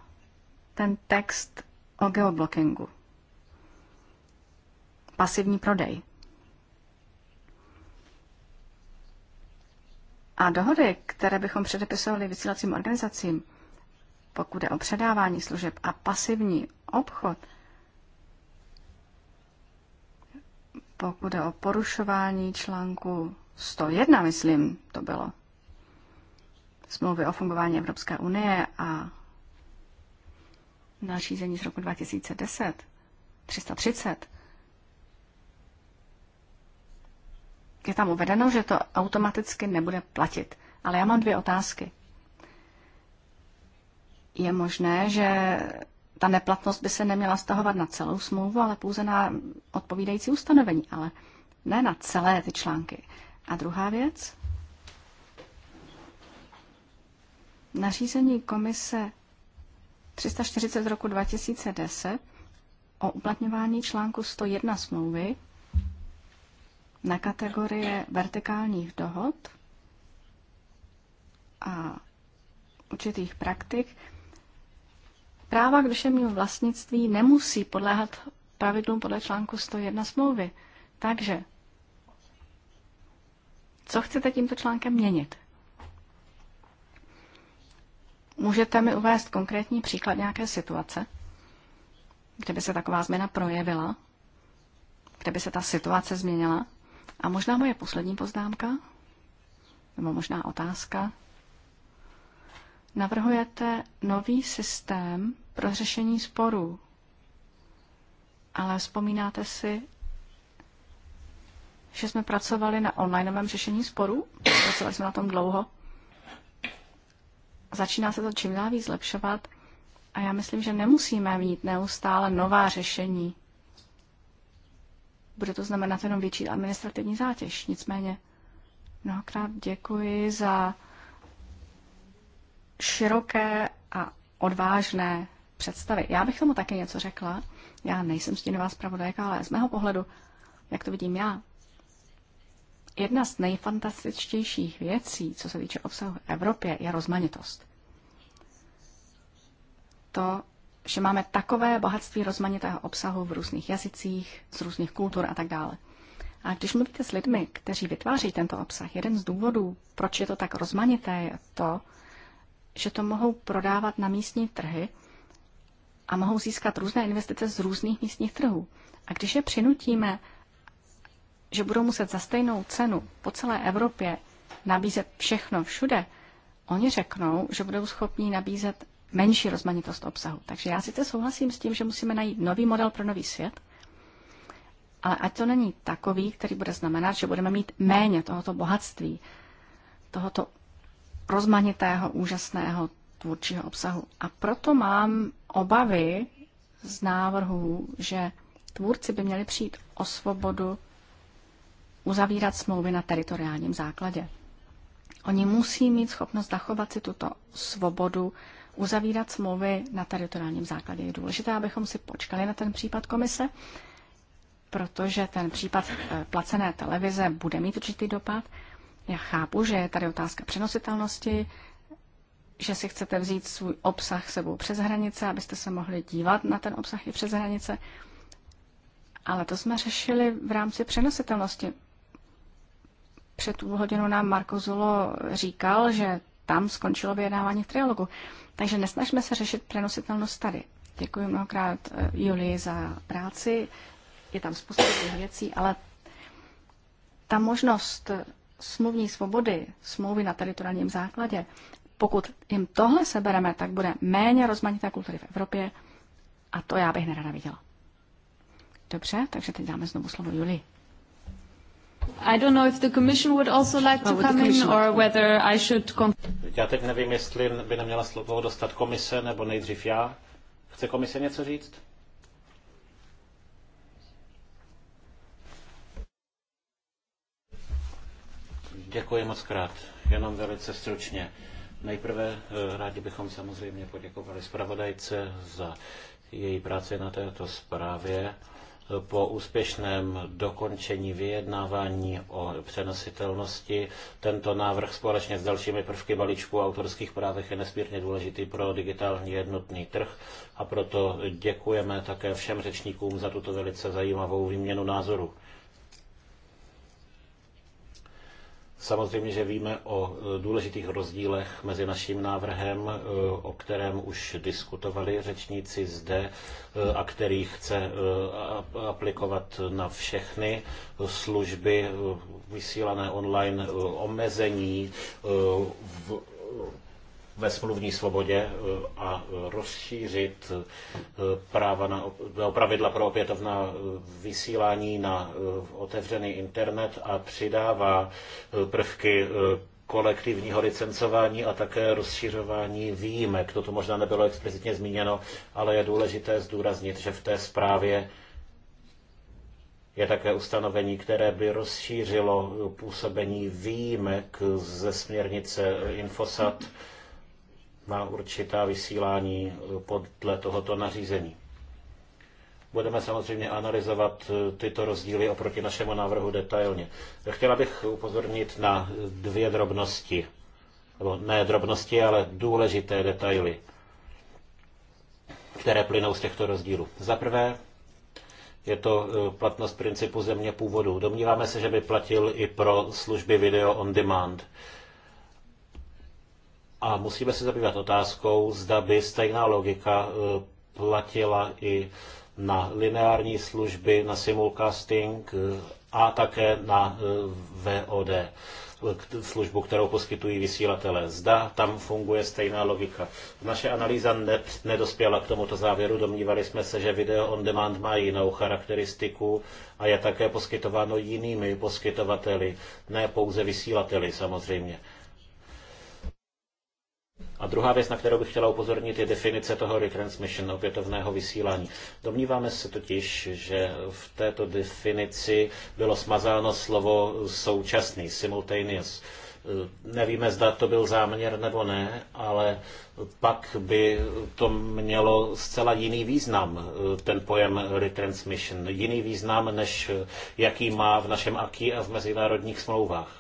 ten text o geoblockingu. Pasivní prodej. A dohody, které bychom předepisovali vysílacím organizacím, pokud je o předávání služeb a pasivní obchod, pokud je o porušování článku 101, myslím, to bylo, smlouvy o fungování Evropské unie a nařízení z roku 2010, 330, je tam uvedeno, že to automaticky nebude platit. Ale já mám dvě otázky. Je možné, že ta neplatnost by se neměla stahovat na celou smlouvu, ale pouze na odpovídající ustanovení, ale ne na celé ty články. A druhá věc? Nařízení komise 340 z roku 2010 o uplatňování článku 101 smlouvy na kategorie vertikálních dohod a určitých praktik. Práva k duševnímu vlastnictví nemusí podléhat pravidlům podle článku 101 smlouvy. Takže, co chcete tímto článkem měnit? Můžete mi uvést konkrétní příklad nějaké situace, kde by se taková změna projevila? Kde by se ta situace změnila? A možná moje poslední poznámka, nebo možná otázka. Navrhujete nový systém pro řešení sporů, ale vzpomínáte si, že jsme pracovali na onlineovém řešení sporů? Pracovali jsme na tom dlouho. Začíná se to čím dál víc zlepšovat a já myslím, že nemusíme mít neustále nová řešení bude to znamenat jenom větší administrativní zátěž. Nicméně mnohokrát děkuji za široké a odvážné představy. Já bych tomu taky něco řekla. Já nejsem stínová zpravodajka, ale z mého pohledu, jak to vidím já, jedna z nejfantastičtějších věcí, co se týče obsahu v Evropě, je rozmanitost. To, že máme takové bohatství rozmanitého obsahu v různých jazycích, z různých kultur a tak dále. A když mluvíte s lidmi, kteří vytváří tento obsah, jeden z důvodů, proč je to tak rozmanité, je to, že to mohou prodávat na místní trhy a mohou získat různé investice z různých místních trhů. A když je přinutíme, že budou muset za stejnou cenu po celé Evropě nabízet všechno všude, oni řeknou, že budou schopni nabízet menší rozmanitost obsahu. Takže já sice souhlasím s tím, že musíme najít nový model pro nový svět, ale ať to není takový, který bude znamenat, že budeme mít méně tohoto bohatství, tohoto rozmanitého, úžasného tvůrčího obsahu. A proto mám obavy z návrhů, že tvůrci by měli přijít o svobodu uzavírat smlouvy na teritoriálním základě. Oni musí mít schopnost zachovat si tuto svobodu uzavírat smlouvy na teritoriálním základě. Je důležité, abychom si počkali na ten případ komise, protože ten případ eh, placené televize bude mít určitý dopad. Já chápu, že je tady otázka přenositelnosti, že si chcete vzít svůj obsah sebou přes hranice, abyste se mohli dívat na ten obsah i přes hranice. Ale to jsme řešili v rámci přenositelnosti. Před tu hodinu nám Marko Zulo říkal, že tam skončilo vyjednávání v trialogu. Takže nesnažme se řešit přenositelnost tady. Děkuji mnohokrát eh, Julii za práci. Je tam spousta věcí, ale ta možnost smluvní svobody, smlouvy na teritoriálním základě, pokud jim tohle sebereme, tak bude méně rozmanité kultury v Evropě a to já bych nerada viděla. Dobře, takže teď dáme znovu slovo Julii. I don't know if the commission would also like to come in or whether I should... Já teď nevím, jestli by neměla slovo dostat komise nebo nejdřív já. Chce komise něco říct? Děkuji moc krát, jenom velice stručně. Nejprve eh, rádi bychom samozřejmě poděkovali zpravodajce za její práci na této zprávě po úspěšném dokončení vyjednávání o přenositelnosti. Tento návrh společně s dalšími prvky balíčku o autorských právech je nesmírně důležitý pro digitální jednotný trh a proto děkujeme také všem řečníkům za tuto velice zajímavou výměnu názorů. Samozřejmě, že víme o e, důležitých rozdílech mezi naším návrhem, e, o kterém už diskutovali řečníci zde e, a který chce aplikovat na všechny služby vysílané online, omezení v ve smluvní svobodě e, a e, rozšířit e, práva na, pravidla pro opětovná vysílání na otevřený internet a přidává prvky kolektivního licencování a také rozšiřování výjimek. Toto možná nebylo explicitně zmíněno, ale je důležité zdůraznit, že v té zprávě je také ustanovení, které by rozšířilo působení výjimek ze směrnice Infosat na určitá vysílání eh, podle tohoto nařízení. Budeme samozřejmě analyzovat eh, tyto rozdíly oproti našemu návrhu detailně. Chtěla bych upozornit na dvě drobnosti, nebo ne drobnosti, ale důležité detaily, které plynou z těchto rozdílů. Za prvé, je to eh, platnost principu země původu. Domníváme se, že by platil i pro služby video on demand. A musíme se zabývat otázkou, zda by stejná logika e, platila i na lineární služby, na simulcasting e, a také na e, VOD službu, kterou poskytují vysílatele. Zda tam funguje stejná logika. Naše analýza ne, nedospěla k tomuto závěru. Domnívali jsme se, že video on demand má jinou charakteristiku a je také poskytováno jinými poskytovateli, ne pouze vysílateli samozřejmě. A druhá věc, na kterou bych chtěla upozornit, je definice toho retransmission, opětovného vysílání. Domníváme se totiž, že v této definici bylo smazáno slovo současný, simultaneous. Nevíme, zda to byl záměr nebo ne, ale pak by to mělo zcela jiný význam, ten pojem retransmission. Jiný význam, než jaký má v našem AKI a v mezinárodních smlouvách.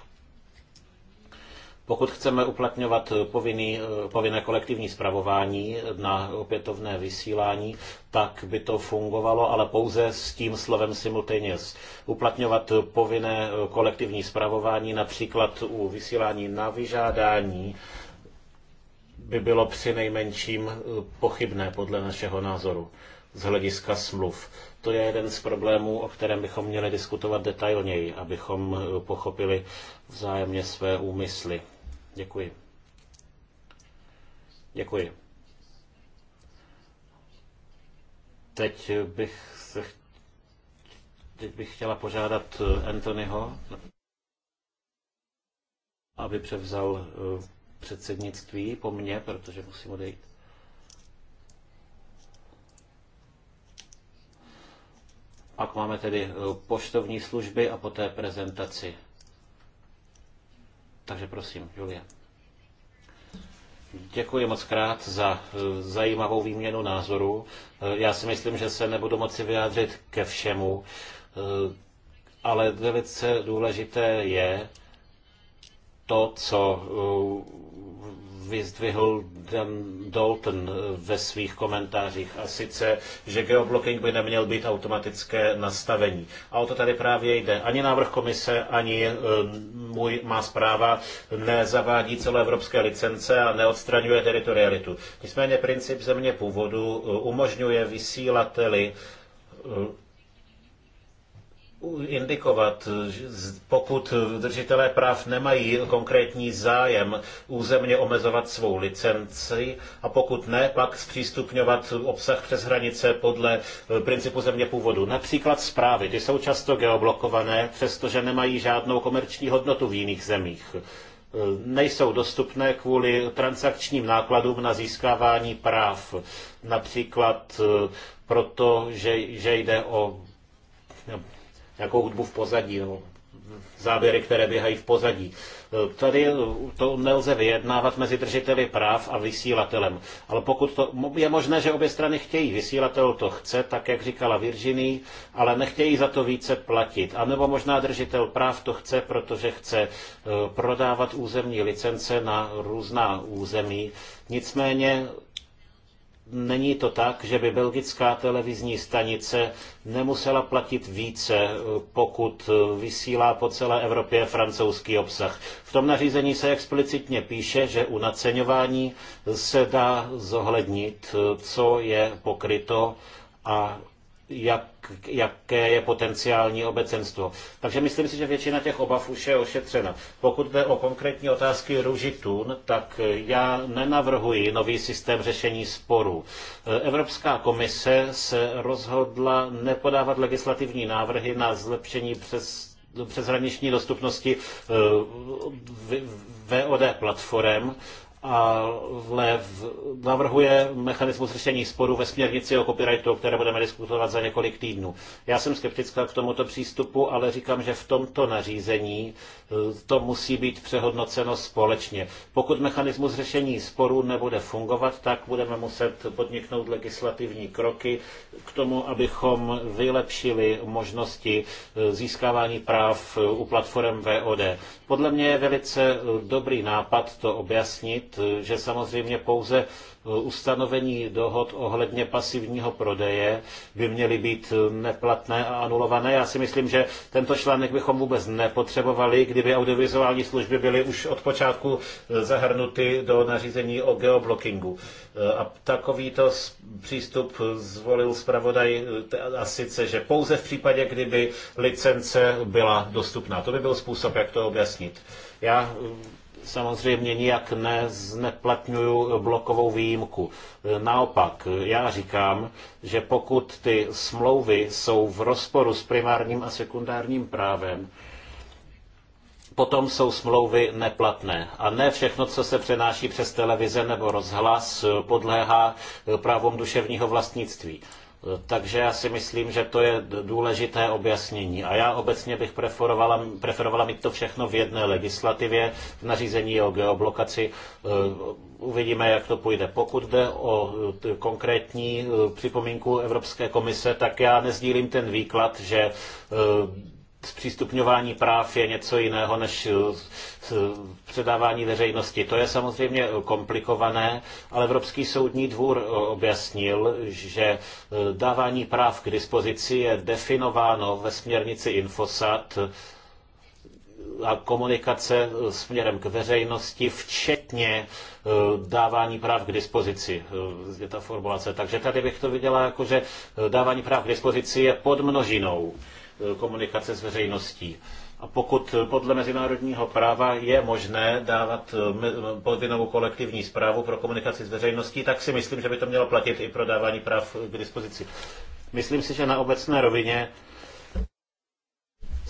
Pokud chceme uplatňovat povinný, povinné kolektivní zpravování na opětovné vysílání, tak by to fungovalo, ale pouze s tím slovem simultaneous. Uplatňovat povinné kolektivní zpravování například u vysílání na vyžádání by bylo přinejmenším pochybné podle našeho názoru z hlediska smluv. To je jeden z problémů, o kterém bychom měli diskutovat detailněji, abychom pochopili vzájemně své úmysly. Děkuji. Děkuji. Teď bych se teď bych chtěla požádat eh, Anthonyho, aby převzal eh, předsednictví po mně, protože musím odejít. Pak máme tedy eh, poštovní služby a poté prezentaci. Takže prosím, Julia. Děkuji moc krát za eh, zajímavou výměnu názorů. Eh, já si myslím, že se nebudu moci vyjádřit ke všemu, eh, ale velice důležité je to, co vyzdvihl Dan Dalton eh, ve svých komentářích, a sice, že geoblocking by neměl být automatické nastavení. A o to tady právě jde. Ani návrh komise, ani eh, můj má zpráva nezavádí celoevropské licence a neodstraňuje teritorialitu. Nicméně princip země původu eh, umožňuje vysílateli indikovat, pokud držitelé práv nemají konkrétní zájem územně omezovat svou licenci a pokud ne, pak zpřístupňovat obsah přes hranice podle eh, principu země původu. Například zprávy, ty jsou často geoblokované, přestože nemají žádnou komerční hodnotu v jiných zemích eh, nejsou dostupné kvůli transakčním nákladům na získávání práv. Například eh, proto, že, že jde o jako hudbu v pozadí, nebo záběry, které běhají v pozadí. Tady to nelze vyjednávat mezi držiteli práv a vysílatelem. Ale pokud to, je možné, že obě strany chtějí, vysílatel to chce, tak jak říkala Virginie, ale nechtějí za to více platit. A nebo možná držitel práv to chce, protože chce eh, prodávat územní licence na různá území. Nicméně není to tak, že by belgická televizní stanice nemusela platit více, eh, pokud eh, vysílá po celé Evropě francouzský obsah. V tom nařízení se explicitně píše, že u naceňování se dá zohlednit, eh, co je pokryto a jak jaké je potenciální obecenstvo. Takže myslím si, že většina těch obav už je ošetřena. Pokud jde o konkrétní otázky Ružitun, tak já nenavrhuji nový systém řešení sporů. Evropská komise se rozhodla nepodávat legislativní návrhy na zlepšení přes přeshraniční dostupnosti eh, VOD platform ale navrhuje mechanismus řešení sporu ve směrnici o copyrightu, o které budeme diskutovat za několik týdnů. Já jsem skeptická k tomuto přístupu, ale říkám, že v tomto nařízení e, to musí být přehodnoceno společně. Pokud mechanismus řešení sporu nebude fungovat, tak budeme muset podniknout legislativní kroky k tomu, abychom vylepšili možnosti e, získávání práv u platform VOD. Podle mě je velice e, dobrý nápad to objasnit, že samozřejmě pouze e, ustanovení dohod ohledně pasivního prodeje by měly být e, neplatné a anulované. Já si myslím, že tento článek bychom vůbec nepotřebovali, kdyby audiovizuální služby byly už od počátku e, zahrnuty do nařízení o geoblockingu. A takovýto přístup zvolil zpravodaj a sice, že pouze v případě, kdyby licence byla dostupná. To by byl způsob, jak to objasnit. Já samozřejmě nijak nezneplatňuju blokovou výjimku. Naopak, já říkám, že pokud ty smlouvy jsou v rozporu s primárním a sekundárním právem, potom jsou smlouvy neplatné. A ne všechno, co se přenáší přes televize nebo rozhlas, podléhá právům duševního vlastnictví. Takže já si myslím, že to je důležité objasnění. A já obecně bych preferovala, preferovala mít to všechno v jedné legislativě, v nařízení o geoblokaci. E, uvidíme, jak to půjde. Pokud jde o e, konkrétní e, připomínku Evropské komise, tak já nezdílím ten výklad, že zpřístupňování práv je něco jiného než eh, předávání veřejnosti. To je samozřejmě eh, komplikované, ale Evropský soudní dvůr eh, objasnil, že dávání práv k dispozici je definováno ve směrnici Infosat a komunikace směrem k veřejnosti, včetně dávání práv k dispozici, je ta formulace. Takže tady bych to viděla jako, že dávání práv k dispozici je podmnožinou. množinou komunikace s veřejností. A pokud podle mezinárodního práva je možné dávat eh, povinnou kolektivní zprávu pro komunikaci s veřejností, tak si myslím, že by to mělo platit i pro dávání práv k dispozici. Myslím si, že na obecné rovině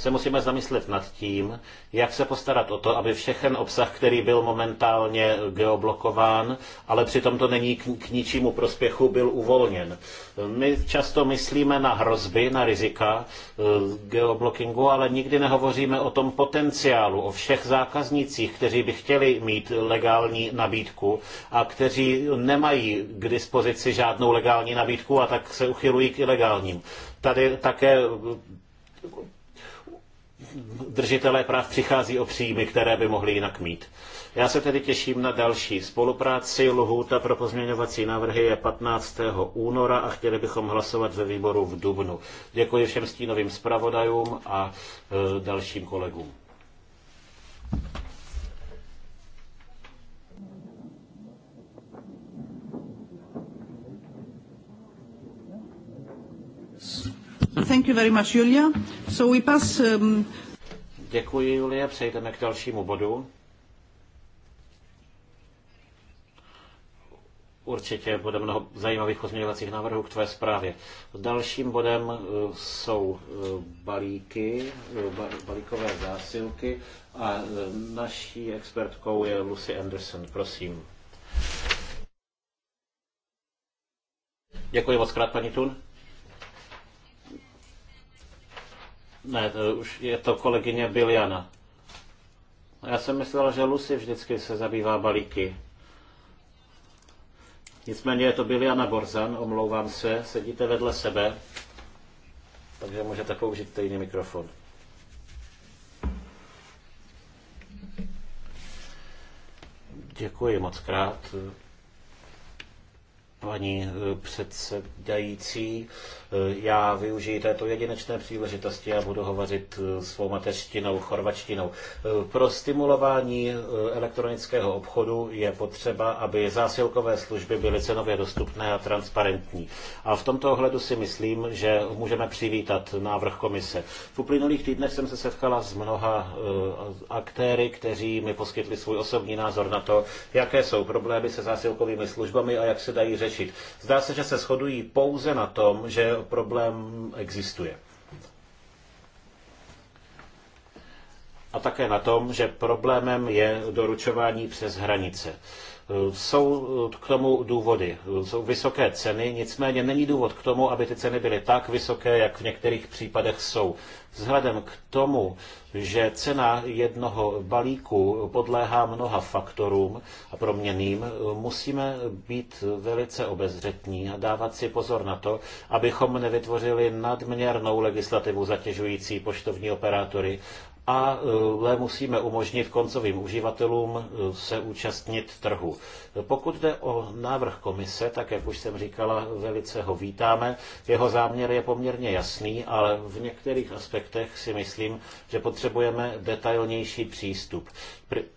se musíme zamyslet nad tím, jak se postarat o to, aby všechen obsah, který byl momentálně geoblokován, ale přitom to není k, k ničímu prospěchu, byl uvolněn. My často myslíme na hrozby, na rizika eh, geoblockingu, ale nikdy nehovoříme o tom potenciálu, o všech zákaznících, kteří by chtěli mít legální nabídku a kteří nemají k dispozici žádnou legální nabídku a tak se uchylují k ilegálním. Tady také držitelé práv přichází o příjmy, které by mohli jinak mít. Já se tedy těším na další spolupráci. Lhůta pro pozměňovací návrhy je 15. února a chtěli bychom hlasovat ve výboru v Dubnu. Děkuji všem stínovým zpravodajům a e, dalším kolegům. Thank you very much, Julia. So we pass, um... Děkuji, Přejdeme k dalšímu bodu. Určitě bude mnoho zajímavých pozměňovacích návrhů k tvé zprávě. Dalším bodem uh, jsou uh, balíky, uh, balíkové zásilky a naší expertkou je Lucy Anderson. Prosím. Děkuji moc krát, paní Tun. Ne, to už je to kolegyně Biliana. Já jsem myslel, že Lucy vždycky se zabývá balíky. Nicméně je to Biliana Borzan, omlouvám se, sedíte vedle sebe, takže můžete použít stejný mikrofon. Děkuji moc krát paní eh, předsedající. Eh, já využiji této jedinečné příležitosti a budu hovořit eh, svou mateřštinou, chorvačtinou. Pro stimulování elektronického obchodu je potřeba, aby zásilkové služby byly cenově dostupné a transparentní. A v tomto ohledu si myslím, že můžeme přivítat návrh komise. V uplynulých týdnech jsem se setkala s mnoha aktéry, kteří mi poskytli svůj osobní názor na to, jaké jsou problémy se zásilkovými službami a jak se dají řešit řešit. Zdá se, že se shodují pouze na tom, že problém existuje. A také na tom, že problémem je doručování přes hranice. Jsou k tomu důvody. Jsou vysoké ceny, nicméně není důvod k tomu, aby ty ceny byly tak vysoké, jak v některých případech jsou. Vzhledem k tomu, že cena jednoho balíku podléhá mnoha faktorům a proměným, musíme být velice obezřetní a dávat si pozor na to, abychom nevytvořili nadměrnou legislativu zatěžující poštovní operátory a e, le musíme umožnit koncovým uživatelům e, se účastnit trhu. Pokud jde o návrh komise, tak jak už jsem říkala, velice ho vítáme. Jeho záměr je poměrně jasný, ale v některých aspektech si myslím, že potřebujeme detailnější přístup.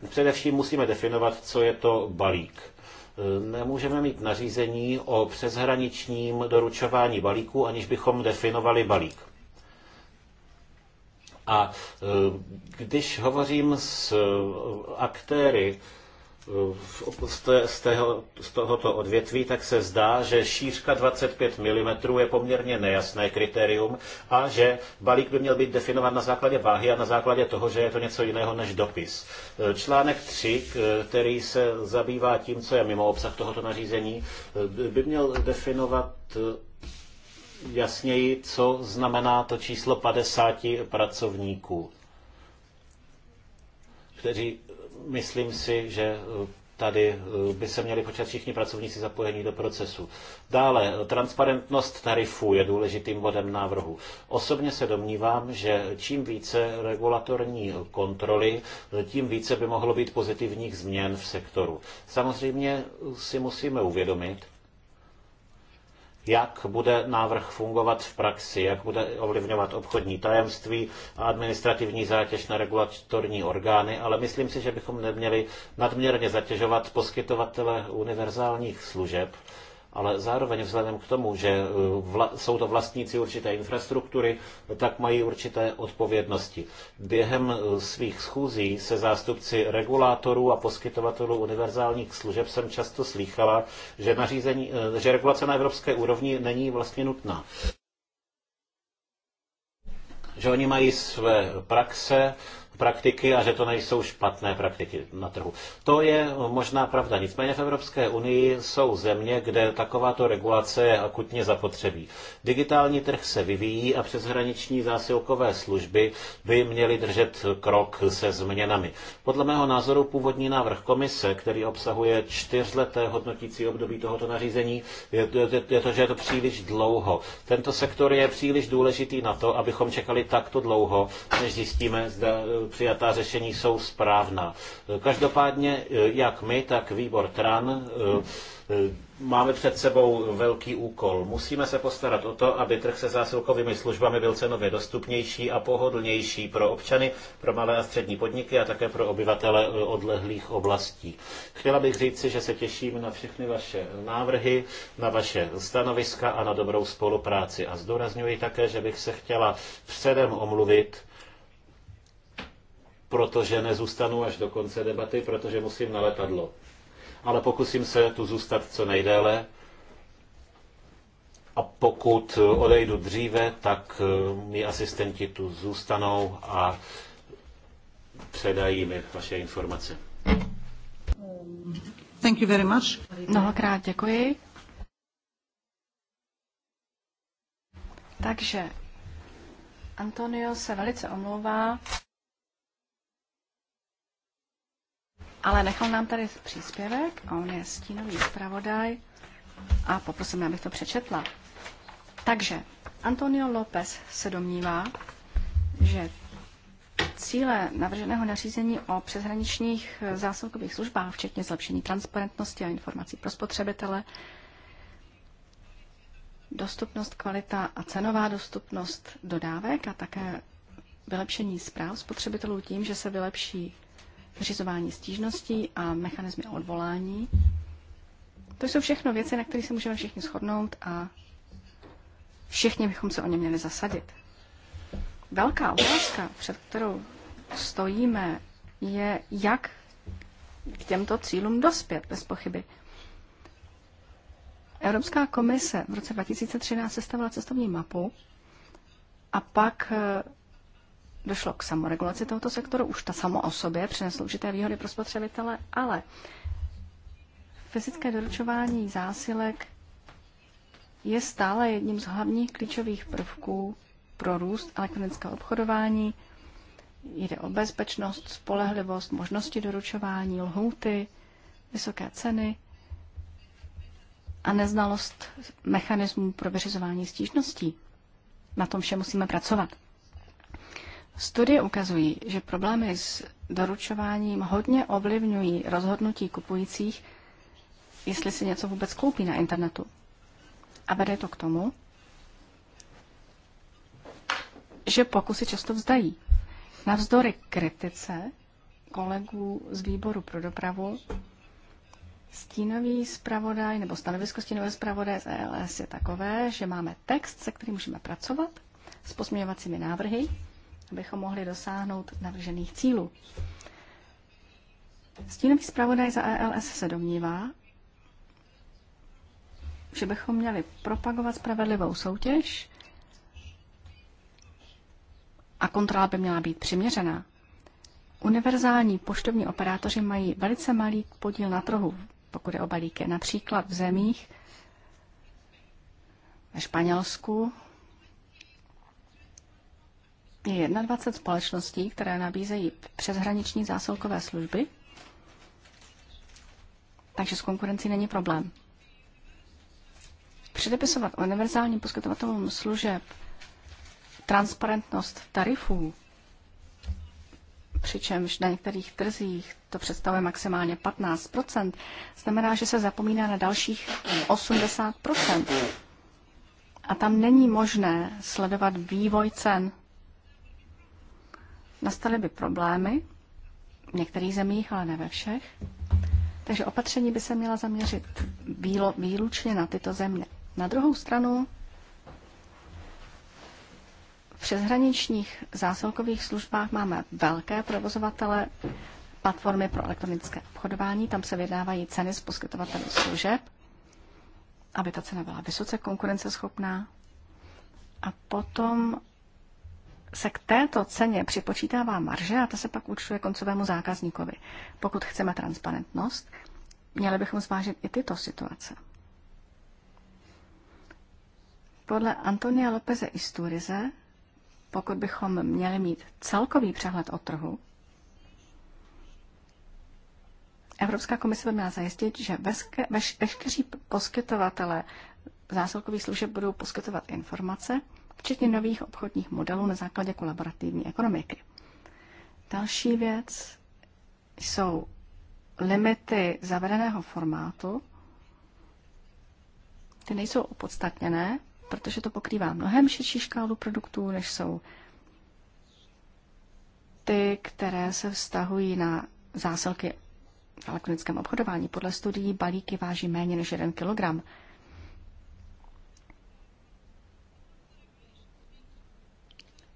Především musíme definovat, co je to balík e, nemůžeme mít nařízení o přeshraničním doručování balíků, aniž bychom definovali balík. A e, když hovořím s e, aktéry, e, z, tého, z tohoto odvětví, tak se zdá, že šířka 25 mm je poměrně nejasné kritérium a že balík by měl být definován na základě váhy a na základě toho, že je to něco jiného než dopis. Článek 3, který se zabývá tím, co je mimo obsah tohoto nařízení, by měl definovat jasněji, co znamená to číslo 50 pracovníků, kteří, myslím si, že eh, tady eh, by se měli počítat všichni pracovníci zapojení do procesu. Dále, transparentnost tarifů je důležitým bodem návrhu. Osobně se domnívám, že čím více regulatorní kontroly, tím více by mohlo být pozitivních změn v sektoru. Samozřejmě si musíme uvědomit, jak bude návrh fungovat v praxi, jak bude ovlivňovat obchodní tajemství a administrativní zátěž na regulatorní orgány, ale myslím si, že bychom neměli nadměrně zatěžovat poskytovatele univerzálních služeb, ale zároveň vzhledem k tomu, že eh, vla, jsou to vlastníci určité infrastruktury, tak mají určité odpovědnosti. Během eh, svých schůzí se zástupci regulátorů a poskytovatelů univerzálních služeb jsem často slýchala, že, nařízení, eh, že regulace na evropské úrovni není vlastně nutná že oni mají své praxe, praktiky a že to nejsou špatné praktiky na trhu. To je možná pravda. Nicméně v Evropské unii jsou země, kde takováto regulace je akutně zapotřebí. Digitální trh se vyvíjí a přeshraniční zásilkové služby by měly držet krok se změnami. Podle mého názoru původní návrh komise, který obsahuje čtyřleté hodnotící období tohoto nařízení, je, je to, že je to příliš dlouho. Tento sektor je příliš důležitý na to, abychom čekali takto dlouho, než zjistíme, zda přijatá řešení jsou správná. Každopádně, e, jak my, tak výbor TRAN e, e, máme před sebou velký úkol. Musíme se postarat o to, aby trh se zásilkovými službami byl cenově dostupnější a pohodlnější pro občany, pro malé a střední podniky a také pro obyvatele odlehlých oblastí. Chtěla bych říci, že se těším na všechny vaše návrhy, na vaše stanoviska a na dobrou spolupráci. A zdůrazňuji také, že bych se chtěla předem omluvit protože nezůstanu až do konce debaty, protože musím na letadlo. Ale pokusím se tu zůstat co nejdéle. A pokud odejdu dříve, tak eh, mi asistenti tu zůstanou a předají mi vaše informace. Thank you very much. Mnohokrát děkuji. Takže Antonio se velice omlouvá. Ale nechal nám tady příspěvek a on je stínový zpravodaj a poprosím, abych to přečetla. Takže Antonio López se domnívá, že cíle navrženého nařízení o přeshraničních zásilkových službách, včetně zlepšení transparentnosti a informací pro spotřebitele, dostupnost, kvalita a cenová dostupnost dodávek a také vylepšení zpráv spotřebitelů tím, že se vylepší vyřizování stížností a mechanismy odvolání. To jsou všechno věci, na které se můžeme všichni shodnout a všichni bychom se o ně měli zasadit. Velká otázka, před kterou stojíme, je, jak k těmto cílům dospět bez pochyby. Evropská komise v roce 2013 sestavila cestovní mapu a pak eh, došlo k samoregulaci tohoto sektoru, už ta samo o sobě přineslo určité výhody pro spotřebitele, ale fyzické doručování zásilek je stále jedním z hlavních klíčových prvků pro růst elektronického obchodování. Jde o bezpečnost, spolehlivost, možnosti doručování, lhouty, vysoké ceny a neznalost mechanismů pro vyřizování stížností. Na tom vše musíme pracovat. Studie ukazují, že problémy s doručováním hodně ovlivňují rozhodnutí kupujících, jestli si něco vůbec koupí na internetu. A vede to k tomu, že pokusy často vzdají. Navzdory kritice kolegů z výboru pro dopravu, stínový zpravodaj nebo stanovisko stínové zpravodaje z ELS je takové, že máme text, se kterým můžeme pracovat s pozměňovacími návrhy, abychom mohli dosáhnout navržených cílů. Stínový zpravodaj za ELS se domnívá, že bychom měli propagovat spravedlivou soutěž a kontrola by měla být přiměřená. Univerzální poštovní operátoři mají velice malý podíl na trhu, pokud je o balíky. Například v zemích ve Španělsku je 21 společností, které nabízejí přeshraniční zásilkové služby, takže s konkurencí není problém. Předepisovat univerzálním poskytovatelům služeb transparentnost tarifů, přičemž na některých trzích to představuje maximálně 15 znamená, že se zapomíná na dalších 80 A tam není možné sledovat vývoj cen nastaly by problémy v některých zemích, ale ne ve všech. Takže opatření by se měla zaměřit výlučně na tyto země. Na druhou stranu v přeshraničních zásilkových službách máme velké provozovatele platformy pro elektronické obchodování. Tam se vydávají ceny z poskytovatelů služeb, aby ta cena byla vysoce konkurenceschopná. A potom se k této ceně připočítává marže a ta se pak účtuje koncovému zákazníkovi. Pokud chceme transparentnost, měli bychom zvážit i tyto situace. Podle Antonia Lopeze Isturize, pokud bychom měli mít celkový přehled o trhu, Evropská komise by měla zajistit, že veškeří poskytovatele zásilkových služeb budou poskytovat informace, včetně nových obchodních modelů na základě kolaborativní ekonomiky. Další věc jsou limity zavedeného formátu. Ty nejsou opodstatněné, protože to pokrývá mnohem širší škálu produktů, než jsou ty, které se vztahují na zásilky v elektronickém obchodování. Podle studií balíky váží méně než 1 kg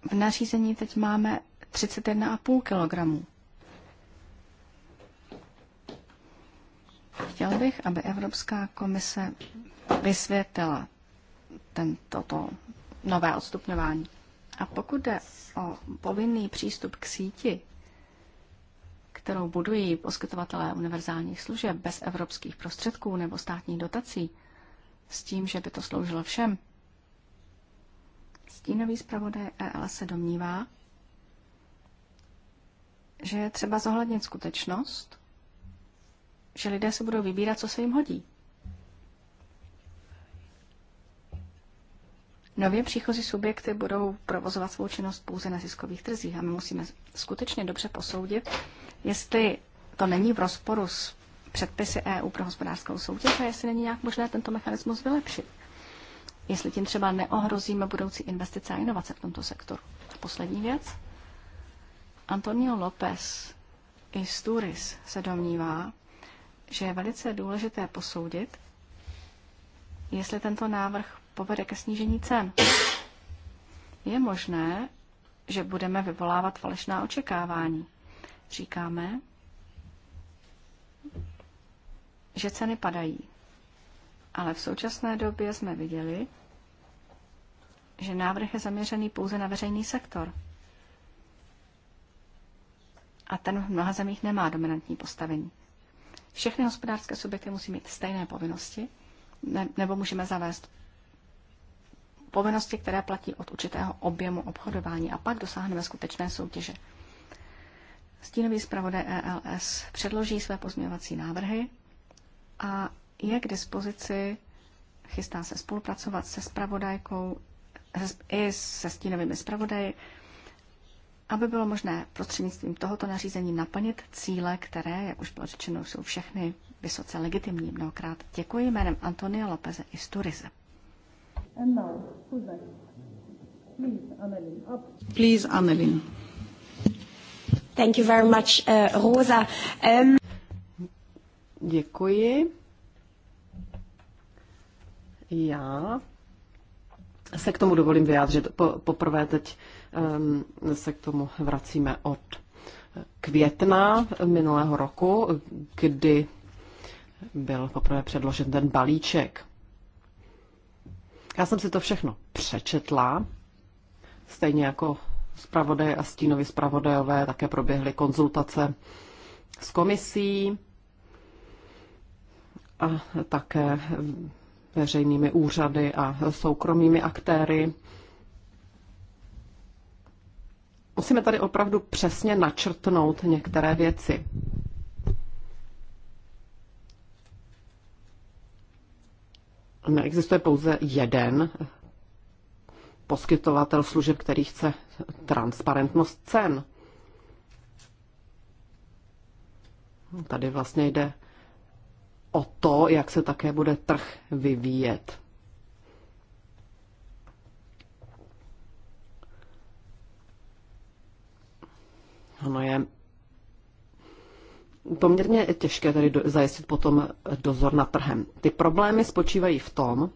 V nařízení teď máme 31,5 kg. Chtěl bych, aby Evropská komise vysvětlila tento nové odstupňování. A pokud jde o povinný přístup k síti, kterou budují poskytovatelé univerzálních služeb bez evropských prostředků nebo státních dotací, s tím, že by to sloužilo všem, Stínový zpravodaj EL se domnívá, že je třeba zohlednit skutečnost, že lidé se budou vybírat, co se jim hodí. Nově příchozí subjekty budou provozovat svou činnost pouze na ziskových trzích a my musíme skutečně dobře posoudit, jestli to není v rozporu s předpisy EU pro hospodářskou soutěž a jestli není nějak možné tento mechanismus vylepšit jestli tím třeba neohrozíme budoucí investice a inovace v tomto sektoru. poslední věc. Antonio López i Sturis se domnívá, že je velice důležité posoudit, jestli tento návrh povede ke snížení cen. Je možné, že budeme vyvolávat falešná očekávání. Říkáme, že ceny padají. Ale v současné době jsme viděli, že návrh je zaměřený pouze na veřejný sektor. A ten v mnoha zemích nemá dominantní postavení. Všechny hospodářské subjekty musí mít stejné povinnosti, ne, nebo můžeme zavést povinnosti, které platí od určitého objemu obchodování a pak dosáhneme skutečné soutěže. Stínový zpravodaj ELS předloží své pozměňovací návrhy a je k dispozici, chystá se spolupracovat se spravodajkou i se stínovými spravodaji, aby bylo možné prostřednictvím tohoto nařízení naplnit cíle, které, jak už bylo řečeno, jsou všechny vysoce legitimní. Mnohokrát děkuji jménem Antonia Lopeze i Sturize. Please, Annelin. Thank you very much, uh, Rosa. Um... Děkuji. Já se k tomu dovolím vyjádřit. Po, poprvé teď um, se k tomu vracíme od května minulého roku, kdy byl poprvé předložen ten balíček. Já jsem si to všechno přečetla, stejně jako zpravodaje a stínovi zpravodajové také proběhly konzultace s komisí a také veřejnými úřady a soukromými aktéry. Musíme tady opravdu přesně načrtnout některé věci. Neexistuje pouze jeden poskytovatel služeb, který chce transparentnost cen. Tady vlastně jde o to, jak se také bude trh vyvíjet. Ono je poměrně těžké tady do, zajistit potom dozor nad trhem. Ty problémy spočívají v tom,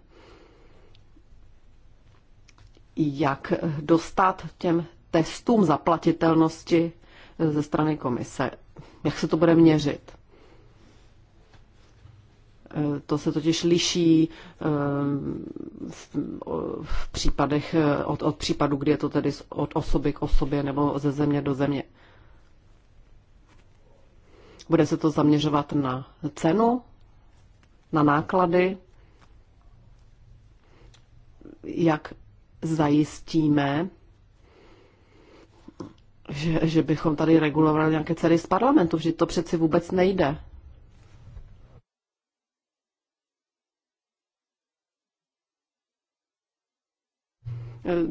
jak dostat těm testům zaplatitelnosti ze strany komise. Jak se to bude měřit? Eh, to se totiž liší eh, v, případech, eh, od, od případu, kdy je to tedy od osoby k osobě nebo ze země do země. Bude se to zaměřovat na cenu, na náklady, jak zajistíme, že, že bychom tady regulovali nějaké ceny z parlamentu, že to přeci vůbec nejde.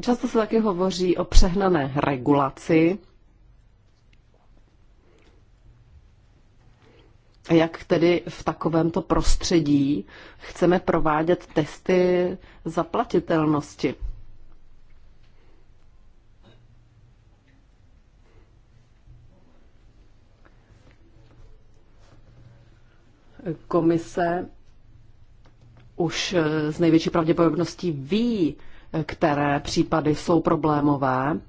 Často se taky hovoří o přehnané regulaci. Jak tedy v takovémto prostředí chceme provádět testy zaplatitelnosti? Komise už z největší pravděpodobností ví, které případy jsou problémové.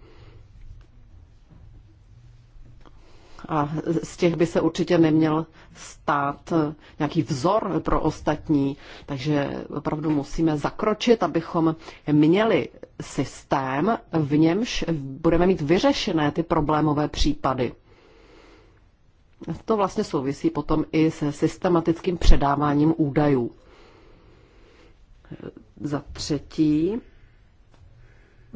A z těch by se určitě neměl stát nějaký vzor pro ostatní, takže opravdu musíme zakročit, abychom měli systém, v němž budeme mít vyřešené ty problémové případy. To vlastně souvisí potom i se systematickým předáváním údajů. Za třetí,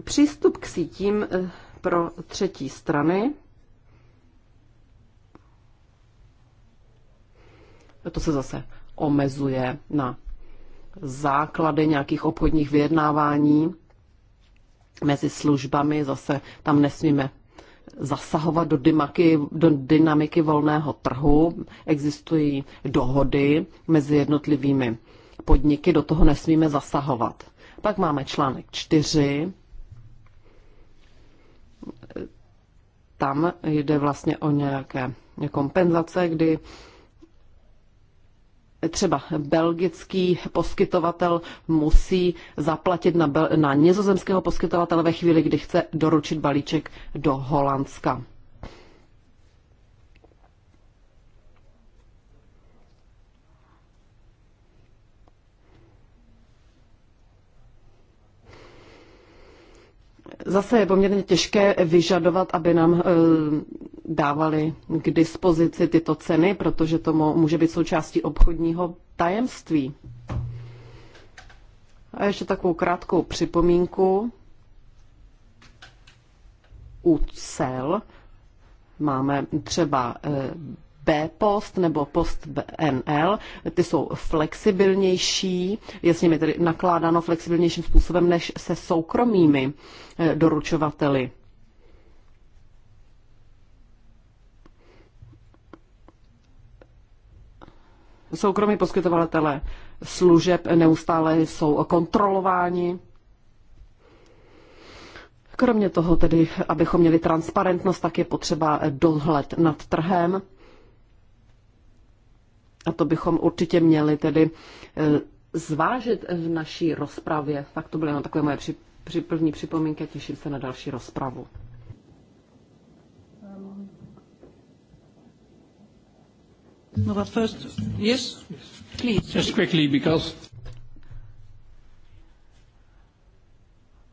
Přístup k sítím eh, pro třetí strany. To se zase omezuje na základy nějakých obchodních vyjednávání mezi službami. Zase tam nesmíme zasahovat do, dymaky, do dynamiky volného trhu. Existují dohody mezi jednotlivými podniky, do toho nesmíme zasahovat. Pak máme článek 4, tam jde vlastně o nějaké kompenzace, kdy třeba belgický poskytovatel musí zaplatit na, na nizozemského poskytovatele ve chvíli, kdy chce doručit balíček do Holandska. Zase je poměrně těžké vyžadovat, aby nám eh, dávali k dispozici tyto ceny, protože to může být součástí obchodního tajemství. A ještě takovou krátkou připomínku. U cel máme třeba eh, B-post nebo post BNL, ty jsou flexibilnější, je s nimi tedy nakládáno flexibilnějším způsobem než se soukromými eh, doručovateli. Soukromí poskytovatele služeb neustále jsou kontrolováni, Kromě toho tedy, abychom měli transparentnost, tak je potřeba dohled nad trhem. A to bychom určitě měli tedy e, zvážit v naší rozpravě. Tak to byly jenom takové moje při, při první připomínky těším se na další rozpravu. No, but first, yes, please. Just quickly, because...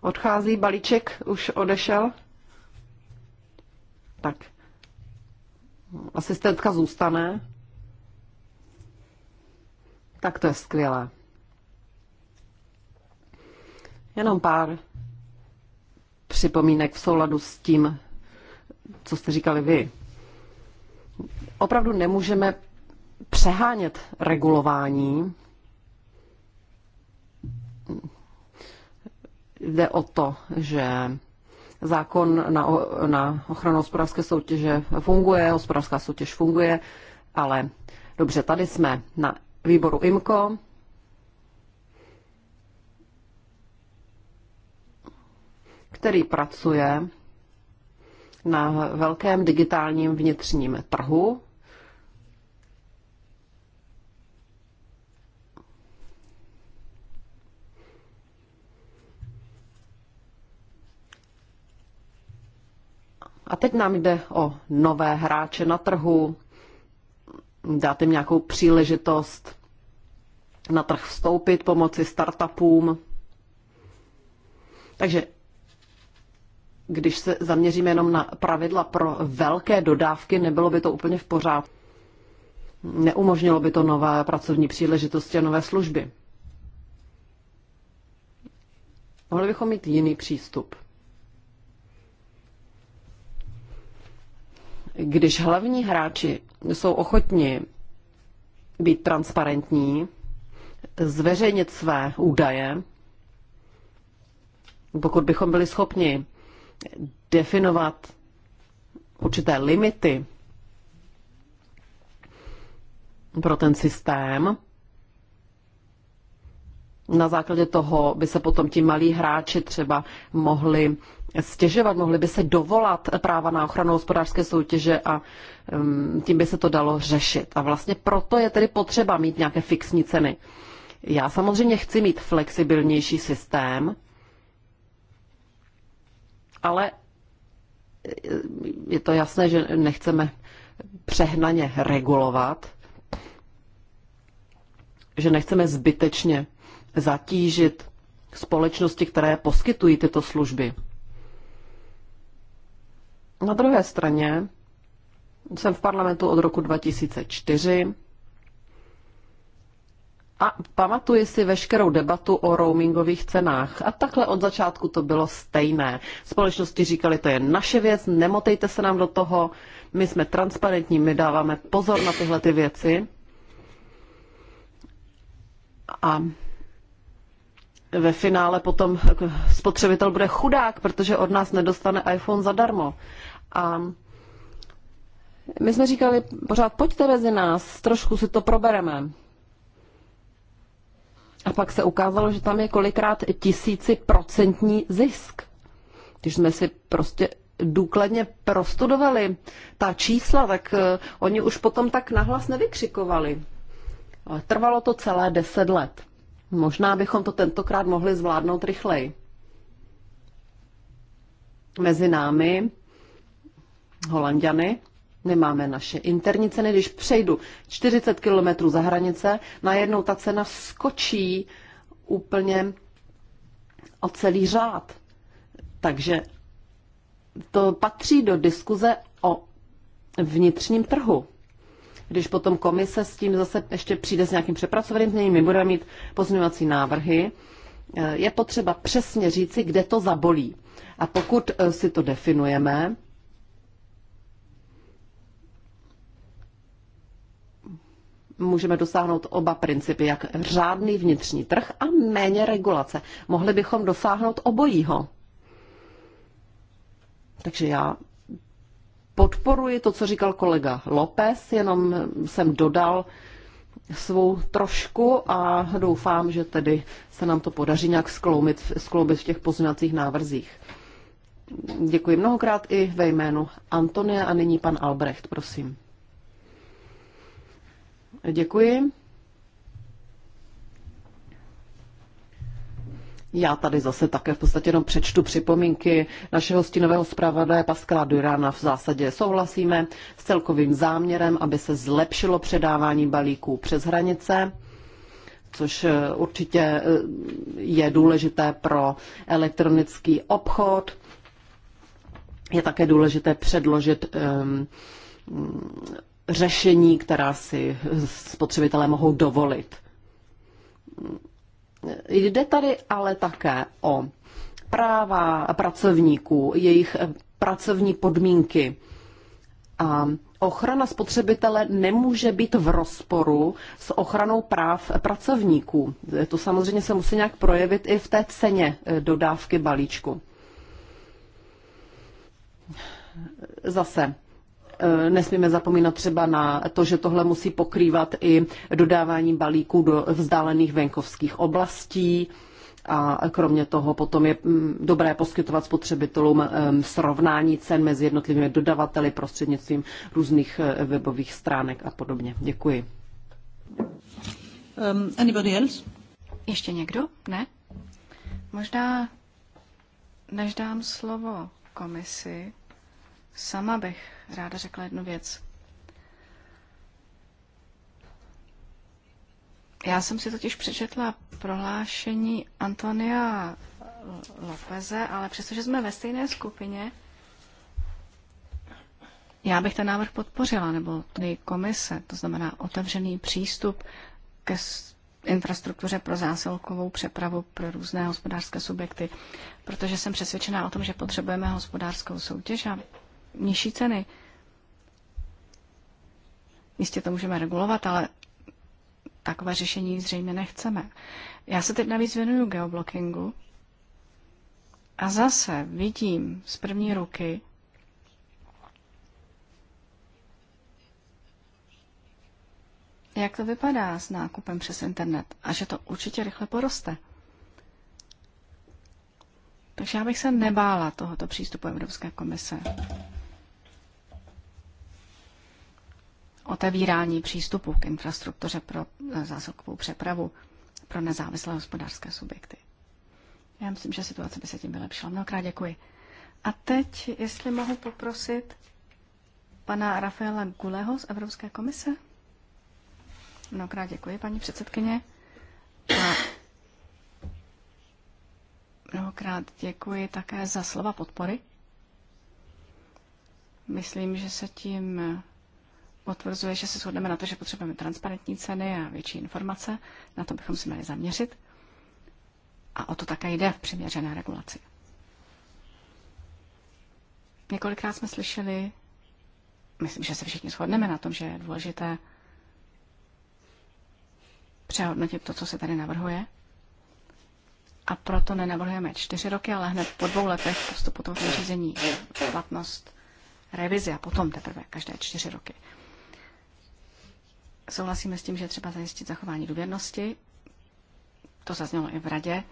Odchází balíček, už odešel. Tak. Asistentka zůstane tak to je skvělé. Jenom pár připomínek v souladu s tím, co jste říkali vy. Opravdu nemůžeme přehánět regulování. Jde o to, že zákon na, na ochranu hospodářské soutěže funguje, hospodářská soutěž funguje, ale dobře, tady jsme na výboru IMCO. který pracuje na velkém digitálním vnitřním trhu. A teď nám jde o nové hráče na trhu, dát jim nějakou příležitost na trh vstoupit, pomoci startupům. Takže když se zaměříme jenom na pravidla pro velké dodávky, nebylo by to úplně v pořádku. Neumožnilo by to nové pracovní příležitosti a nové služby. Mohli bychom mít jiný přístup. Když hlavní hráči jsou ochotni být transparentní, zveřejnit své údaje, pokud bychom byli schopni definovat určité limity pro ten systém, na základě toho by se potom ti malí hráči třeba mohli stěžovat, mohli by se dovolat práva na ochranu hospodářské soutěže a tím by se to dalo řešit. A vlastně proto je tedy potřeba mít nějaké fixní ceny. Já samozřejmě chci mít flexibilnější systém, ale je to jasné, že nechceme přehnaně regulovat, že nechceme zbytečně zatížit společnosti, které poskytují tyto služby. Na druhé straně jsem v parlamentu od roku 2004 a pamatuji si veškerou debatu o roamingových cenách. A takhle od začátku to bylo stejné. Společnosti říkali, to je naše věc, nemotejte se nám do toho, my jsme transparentní, my dáváme pozor na tyhle ty věci. A ve finále potom spotřebitel bude chudák, protože od nás nedostane iPhone zadarmo. A my jsme říkali pořád, pojďte mezi nás, trošku si to probereme. A pak se ukázalo, že tam je kolikrát procentní zisk. Když jsme si prostě důkladně prostudovali ta čísla, tak eh, oni už potom tak nahlas nevykřikovali. Ale trvalo to celé deset let. Možná bychom to tentokrát mohli zvládnout rychleji. Mezi námi Holandiany, nemáme naše interní ceny. Když přejdu 40 km za hranice, najednou ta cena skočí úplně o celý řád. Takže to patří do diskuze o vnitřním trhu. Když potom komise s tím zase ještě přijde s nějakým přepracovaným změním, my budeme mít pozměňovací návrhy, eh, je potřeba přesně říci, kde to zabolí. A pokud eh, si to definujeme, můžeme dosáhnout oba principy, jak řádný vnitřní trh a méně regulace. Mohli bychom dosáhnout obojího. Takže já podporuji to, co říkal kolega López, jenom jsem dodal svou trošku a doufám, že tedy se nám to podaří nějak skloumit, skloubit v těch pozměňovacích návrzích. Děkuji mnohokrát i ve jménu Antonie a nyní pan Albrecht, prosím. Děkuji. Já tady zase také v podstatě jenom přečtu připomínky našeho stínového zpravodaje Paskala Durana. V zásadě souhlasíme s celkovým záměrem, aby se zlepšilo předávání balíků přes hranice což eh, určitě eh, je důležité pro elektronický obchod. Je také důležité předložit ehm, řešení, která si spotřebitelé mohou dovolit. Jde tady ale také o práva pracovníků, jejich pracovní podmínky. A ochrana spotřebitele nemůže být v rozporu s ochranou práv pracovníků. To samozřejmě se musí nějak projevit i v té ceně eh, dodávky balíčku. Zase E, nesmíme zapomínat třeba na to, že tohle musí pokrývat i dodávání balíků do vzdálených venkovských oblastí. A kromě toho potom je mm, dobré poskytovat spotřebitelům e, srovnání cen mezi jednotlivými dodavateli prostřednictvím různých e, webových stránek a podobně. Děkuji. Um, anybody else? Ještě někdo? Ne? Možná, než dám slovo komisi, Sama bych ráda řekla jednu věc. Já jsem si totiž přečetla prohlášení Antonia Lopeze, ale přestože jsme ve stejné skupině, já bych ten návrh podpořila, nebo tedy komise, to znamená otevřený přístup ke infrastruktuře pro zásilkovou přepravu pro různé hospodářské subjekty, protože jsem přesvědčená o tom, že potřebujeme hospodářskou soutěž a nižší ceny. Jistě to můžeme regulovat, ale takové řešení zřejmě nechceme. Já se teď navíc věnuju geoblockingu a zase vidím z první ruky, jak to vypadá s nákupem přes internet a že to určitě rychle poroste. Takže já bych se nebála tohoto přístupu Evropské komise. otevírání přístupu k infrastruktuře pro eh, zásilkovou přepravu pro nezávislé hospodářské subjekty. Já myslím, že situace by se tím vylepšila. Mnohokrát děkuji. A teď, jestli mohu poprosit pana Rafaela Guleho z Evropské komise. Mnohokrát děkuji, paní předsedkyně. A mnohokrát děkuji také za slova podpory. Myslím, že se tím potvrzuje, že se shodneme na to, že potřebujeme transparentní ceny a větší informace. Na to bychom se měli zaměřit. A o to také jde v přiměřené regulaci. Několikrát jsme slyšeli, myslím, že se všichni shodneme na tom, že je důležité přehodnotit to, co se tady navrhuje. A proto nenavrhujeme čtyři roky, ale hned po dvou letech postupu toho řízení platnost revize a potom teprve každé čtyři roky. Souhlasíme s tím, že je třeba zajistit zachování důvěrnosti. To zaznělo i v radě.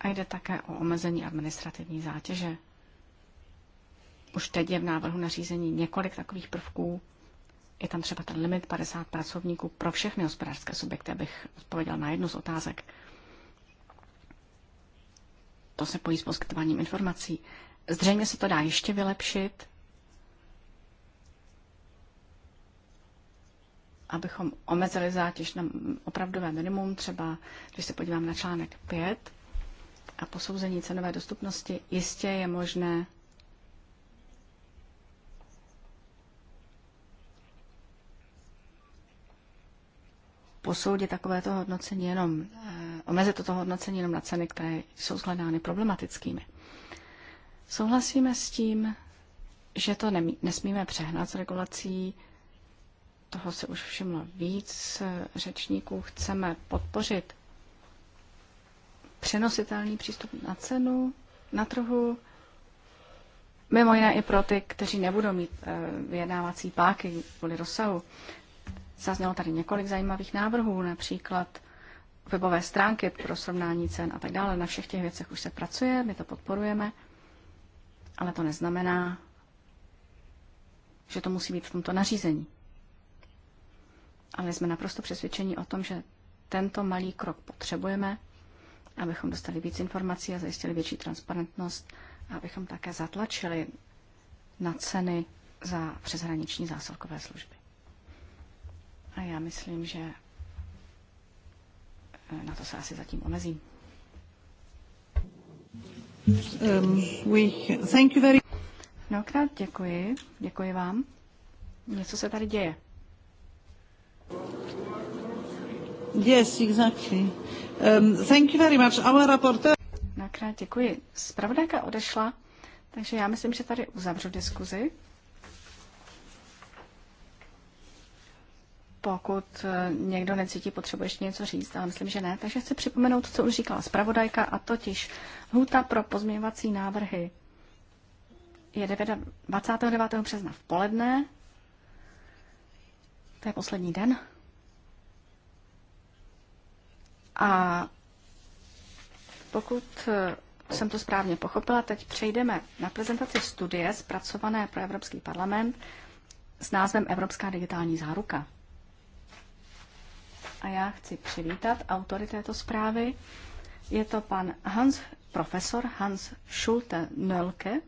A jde také o omezení administrativní zátěže. Už teď je v návrhu nařízení několik takových prvků. Je tam třeba ten limit 50 pracovníků pro všechny hospodářské subjekty, abych odpověděl na jednu z otázek. To se pojí s poskytováním informací. Zřejmě se to dá ještě vylepšit, abychom omezili zátěž na opravdové minimum, třeba když se podívám na článek 5 a posouzení cenové dostupnosti, jistě je možné posoudit takovéto hodnocení jenom, eh, omezit toto hodnocení jenom na ceny, které jsou shledány problematickými. Souhlasíme s tím, že to nesmíme přehnat s regulací toho se už všimlo víc řečníků, chceme podpořit přenositelný přístup na cenu, na trhu, mimo jiné i pro ty, kteří nebudou mít eh, vyjednávací páky kvůli rozsahu. Zaznělo tady několik zajímavých návrhů, například webové stránky pro srovnání cen a tak dále. Na všech těch věcech už se pracuje, my to podporujeme, ale to neznamená, že to musí být v tomto nařízení ale jsme naprosto přesvědčeni o tom, že tento malý krok potřebujeme, abychom dostali víc informací a zajistili větší transparentnost a abychom také zatlačili na ceny za přeshraniční zásilkové služby. A já myslím, že eh, na to se asi zatím omezím. Um, we thank you very... Mnohokrát děkuji. Děkuji vám. Něco se tady děje. Um, Nakrát děkuji. Spravodajka odešla, takže já myslím, že tady uzavřu diskuzi. Pokud eh, někdo necítí, potřebu ještě něco říct, ale myslím, že ne. Takže chci připomenout, co už říkala zpravodajka, a totiž hůta pro pozměňovací návrhy je 29. března v poledne to je poslední den. A pokud eh, jsem to správně pochopila, teď přejdeme na prezentaci studie zpracované pro Evropský parlament s názvem Evropská digitální záruka. A já chci přivítat autory této zprávy. Je to pan Hans, profesor Hans Schulte-Nölke.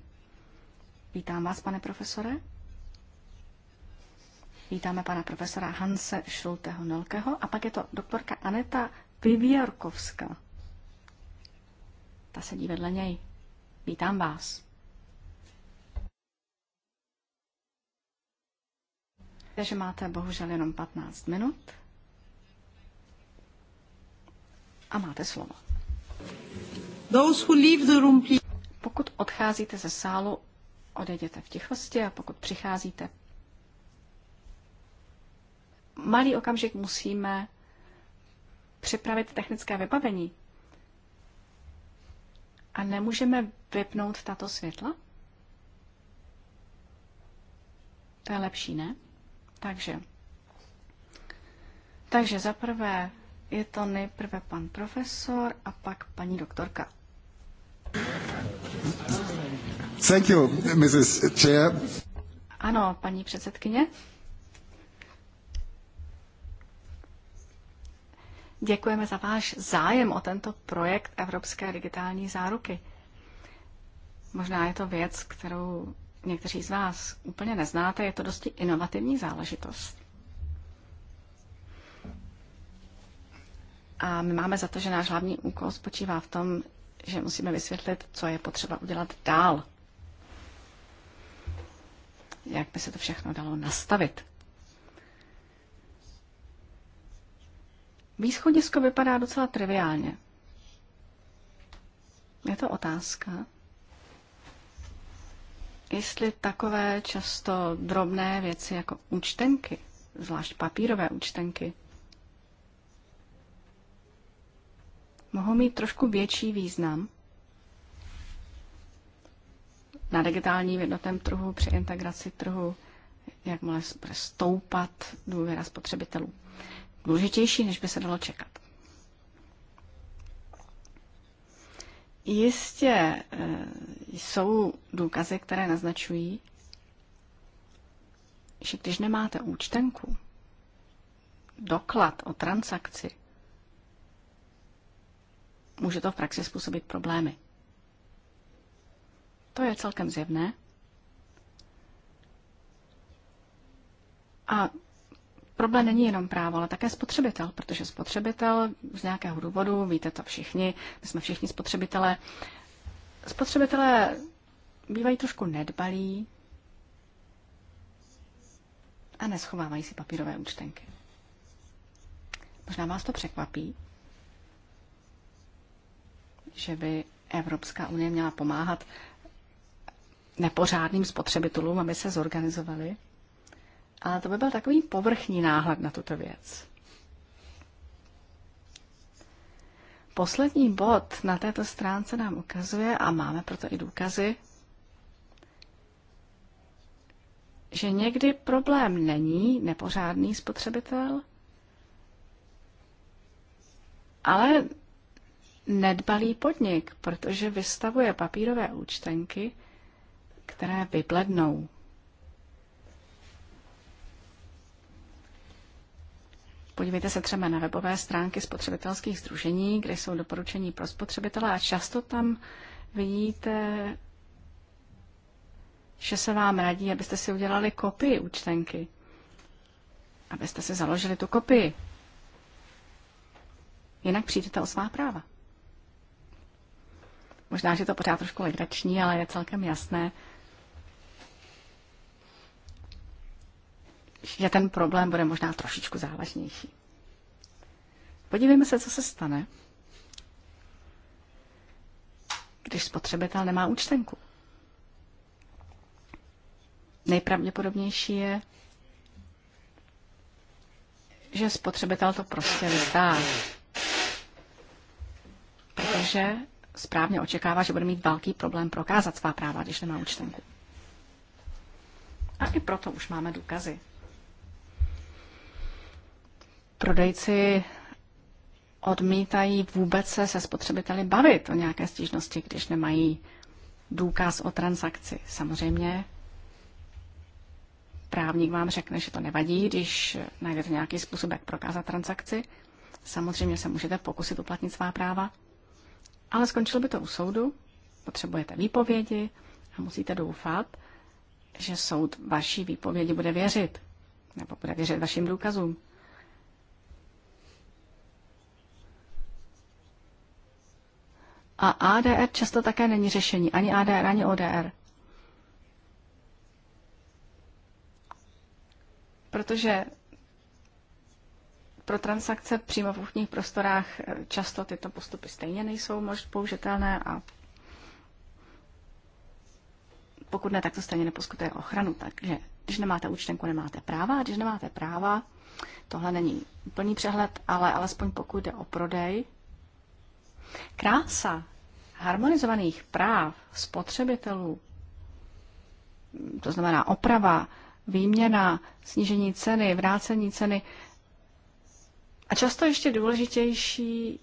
Vítám vás, pane profesore. Vítáme pana profesora Hanse Šulteho Nelkeho a pak je to doktorka Aneta Piviarkovská. Ta sedí vedle něj. Vítám vás. Takže máte bohužel jenom 15 minut a máte slovo. Those who leave the room, Pokud odcházíte ze sálu, odejděte v tichosti a pokud přicházíte, malý okamžik musíme připravit technické vybavení. A nemůžeme vypnout tato světla? To je lepší, ne? Takže. Takže zaprvé je to nejprve pan profesor a pak paní doktorka. Thank you, Mrs. Chair. Ano, paní předsedkyně. Děkujeme za váš zájem o tento projekt Evropské digitální záruky. Možná je to věc, kterou někteří z vás úplně neznáte, je to dosti inovativní záležitost. A my máme za to, že náš hlavní úkol spočívá v tom, že musíme vysvětlit, co je potřeba udělat dál. Jak by se to všechno dalo nastavit. Východisko vypadá docela triviálně. Je to otázka, jestli takové často drobné věci jako účtenky, zvlášť papírové účtenky, mohou mít trošku větší význam na digitálním jednotném trhu při integraci trhu, jakmile bude stoupat důvěra spotřebitelů důležitější, než by se dalo čekat. Jistě eh, jsou důkazy, které naznačují, že když nemáte účtenku, doklad o transakci, může to v praxi způsobit problémy. To je celkem zjevné. A problém není jenom právo, ale také spotřebitel, protože spotřebitel z nějakého důvodu, víte to všichni, my jsme všichni spotřebitelé, spotřebitelé bývají trošku nedbalí a neschovávají si papírové účtenky. Možná vás to překvapí, že by Evropská unie měla pomáhat nepořádným spotřebitelům, aby se zorganizovali ale to by byl takový povrchní náhled na tuto věc. Poslední bod na této stránce nám ukazuje, a máme proto i důkazy, že někdy problém není nepořádný spotřebitel, ale nedbalý podnik, protože vystavuje papírové účtenky, které vyblednou. Podívejte se třeba na webové stránky spotřebitelských združení, kde jsou doporučení pro spotřebitele a často tam vidíte, že se vám radí, abyste si udělali kopii účtenky. Abyste si založili tu kopii. Jinak přijdete o svá práva. Možná, že to pořád trošku legrační, ale je celkem jasné, že ten problém bude možná trošičku závažnější. Podívejme se, co se stane, když spotřebitel nemá účtenku. Nejpravděpodobnější je, že spotřebitel to prostě vzdá, protože správně očekává, že bude mít velký problém prokázat svá práva, když nemá účtenku. A i proto už máme důkazy prodejci odmítají vůbec se se spotřebiteli bavit o nějaké stížnosti, když nemají důkaz o transakci. Samozřejmě právník vám řekne, že to nevadí, když najdete nějaký způsob, jak prokázat transakci. Samozřejmě se můžete pokusit uplatnit svá práva, ale skončilo by to u soudu, potřebujete výpovědi a musíte doufat, že soud vaší výpovědi bude věřit, nebo bude věřit vašim důkazům. A ADR často také není řešení, ani ADR, ani ODR. Protože pro transakce přímo v úchních prostorách eh, často tyto postupy stejně nejsou možná použitelné a pokud ne, tak to stejně neposkutuje ochranu. Takže když nemáte účtenku, nemáte práva. A když nemáte práva, tohle není plný přehled, ale alespoň pokud jde o prodej. Krása harmonizovaných práv spotřebitelů, to znamená oprava, výměna, snížení ceny, vrácení ceny, a často ještě důležitější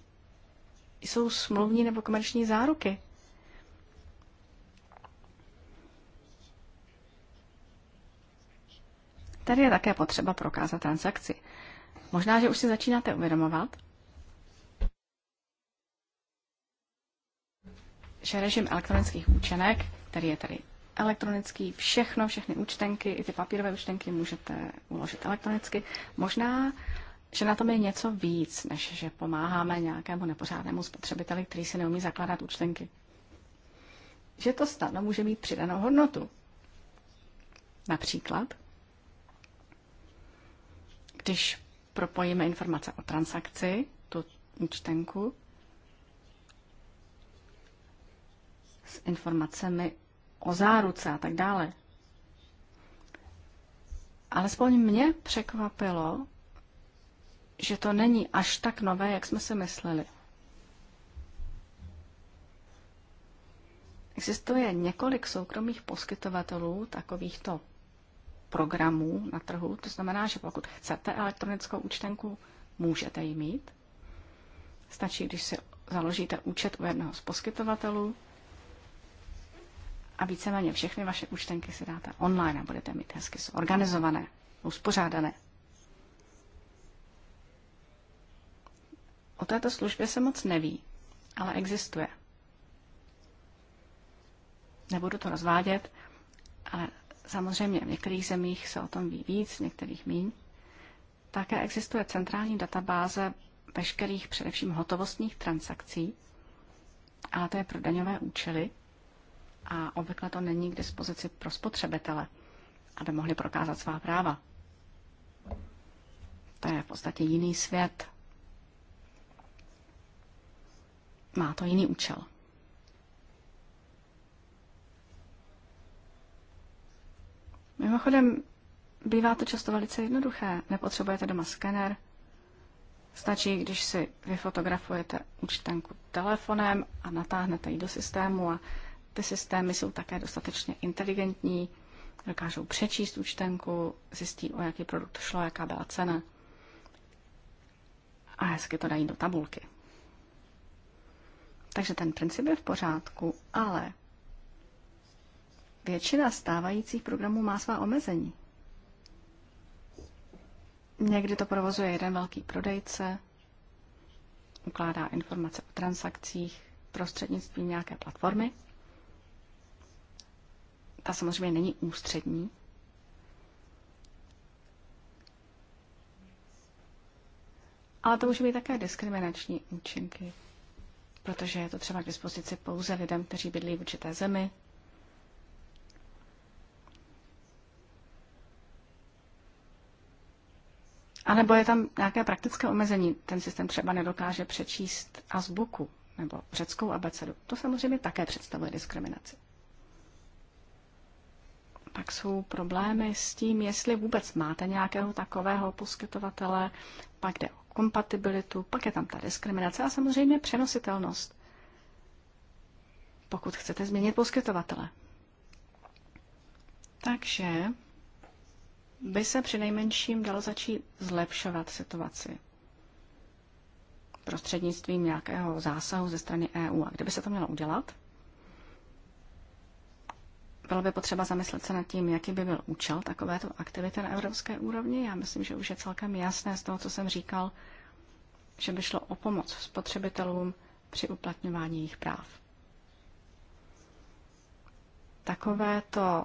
jsou smluvní nebo komerční záruky. Tady je také potřeba prokázat transakci. Možná, že už si začínáte uvědomovat, že režim elektronických účtenek, který je tady elektronický, všechno, všechny účtenky, i ty papírové účtenky můžete uložit elektronicky. Možná, že na tom je něco víc, než že pomáháme nějakému nepořádnému spotřebiteli, který si neumí zakládat účtenky. Že to snadno může mít přidanou hodnotu. Například, když propojíme informace o transakci, tu účtenku, s informacemi o záruce a tak dále. Alespoň mě překvapilo, že to není až tak nové, jak jsme si mysleli. Existuje několik soukromých poskytovatelů takovýchto programů na trhu. To znamená, že pokud chcete elektronickou účtenku, můžete ji mít. Stačí, když si založíte účet u jednoho z poskytovatelů a víceméně všechny vaše účtenky si dáte online a budete mít hezky zorganizované, uspořádané. O této službě se moc neví, ale existuje. Nebudu to rozvádět, ale samozřejmě v některých zemích se o tom ví víc, v některých míň. Také existuje centrální databáze veškerých především hotovostních transakcí, ale to je pro daňové účely – a obvykle to není k dispozici pro spotřebitele, aby mohli prokázat svá práva. To je v podstatě jiný svět. Má to jiný účel. Mimochodem, bývá to často velice jednoduché. Nepotřebujete doma skener. Stačí, když si vyfotografujete účtenku telefonem a natáhnete ji do systému a ty systémy jsou také dostatečně inteligentní, dokážou přečíst účtenku, zjistí, o jaký produkt šlo, jaká byla cena a hezky to dají do tabulky. Takže ten princip je v pořádku, ale většina stávajících programů má svá omezení. Někdy to provozuje jeden velký prodejce, ukládá informace o transakcích prostřednictvím nějaké platformy ta samozřejmě není ústřední. Ale to může být také diskriminační účinky, protože je to třeba k dispozici pouze lidem, kteří bydlí v určité zemi. A nebo je tam nějaké praktické omezení. Ten systém třeba nedokáže přečíst azbuku nebo řeckou abecedu. To samozřejmě také představuje diskriminaci pak jsou problémy s tím, jestli vůbec máte nějakého takového poskytovatele, pak jde o kompatibilitu, pak je tam ta diskriminace a samozřejmě přenositelnost, pokud chcete změnit poskytovatele. Takže by se při nejmenším dalo začít zlepšovat situaci prostřednictvím nějakého zásahu ze strany EU. A kdyby se to mělo udělat, bylo by potřeba zamyslet se nad tím, jaký by byl účel takovéto aktivity na evropské úrovni. Já myslím, že už je celkem jasné z toho, co jsem říkal, že by šlo o pomoc spotřebitelům při uplatňování jejich práv. Takovéto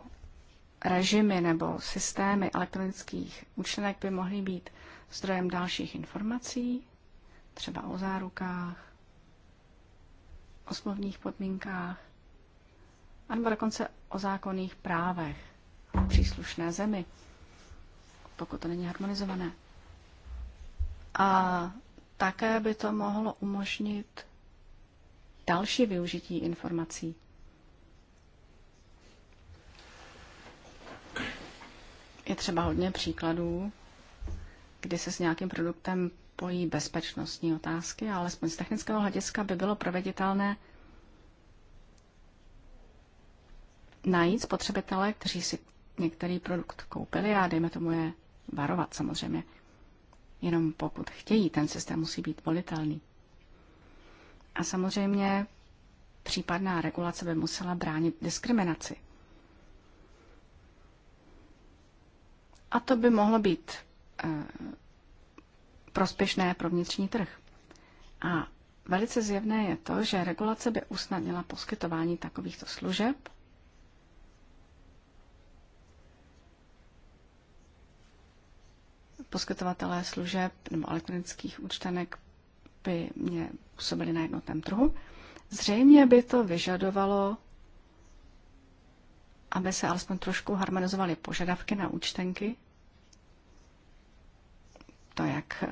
režimy nebo systémy elektronických účtenek by mohly být zdrojem dalších informací, třeba o zárukách, o smluvních podmínkách, anebo dokonce o zákonných právech v příslušné zemi, pokud to není harmonizované. A také by to mohlo umožnit další využití informací. Je třeba hodně příkladů, kdy se s nějakým produktem pojí bezpečnostní otázky, ale alespoň z technického hlediska by bylo proveditelné najít spotřebitele, kteří si některý produkt koupili a dejme tomu je varovat samozřejmě. Jenom pokud chtějí, ten systém musí být volitelný. A samozřejmě případná regulace by musela bránit diskriminaci. A to by mohlo být e, prospěšné pro vnitřní trh. A velice zjevné je to, že regulace by usnadnila poskytování takovýchto služeb poskytovatelé služeb nebo elektronických účtenek by mě působili na jednotném trhu. Zřejmě by to vyžadovalo, aby se alespoň trošku harmonizovaly požadavky na účtenky, to, jak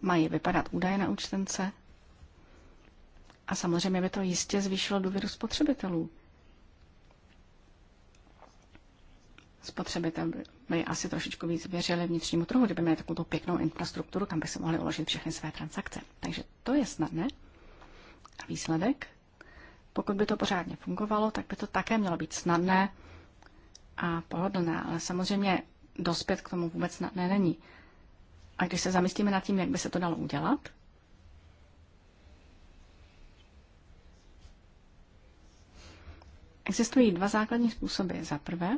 mají vypadat údaje na účtence. A samozřejmě by to jistě zvýšilo důvěru spotřebitelů. spotřebitel by asi trošičku víc věřili vnitřnímu trhu, kdyby měli takovou pěknou infrastrukturu, kam by se mohli uložit všechny své transakce. Takže to je snadné. A výsledek? Pokud by to pořádně fungovalo, tak by to také mělo být snadné a pohodlné, ale samozřejmě dospět k tomu vůbec snadné není. A když se zamyslíme nad tím, jak by se to dalo udělat, Existují dva základní způsoby. Za prvé,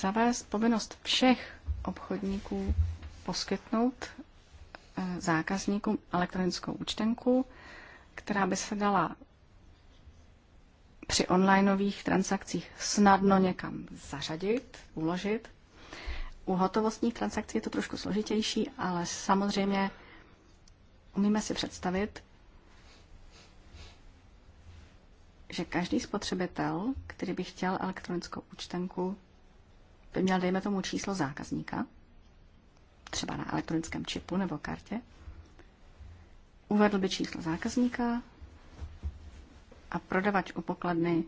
zavést povinnost všech obchodníků poskytnout eh, zákazníkům elektronickou účtenku, která by se dala při onlineových transakcích snadno někam zařadit, uložit. U hotovostních transakcí je to trošku složitější, ale samozřejmě umíme si představit, že každý spotřebitel, který by chtěl elektronickou účtenku, by měl, dejme tomu, číslo zákazníka, třeba na elektronickém čipu nebo kartě, uvedl by číslo zákazníka a prodavač u pokladny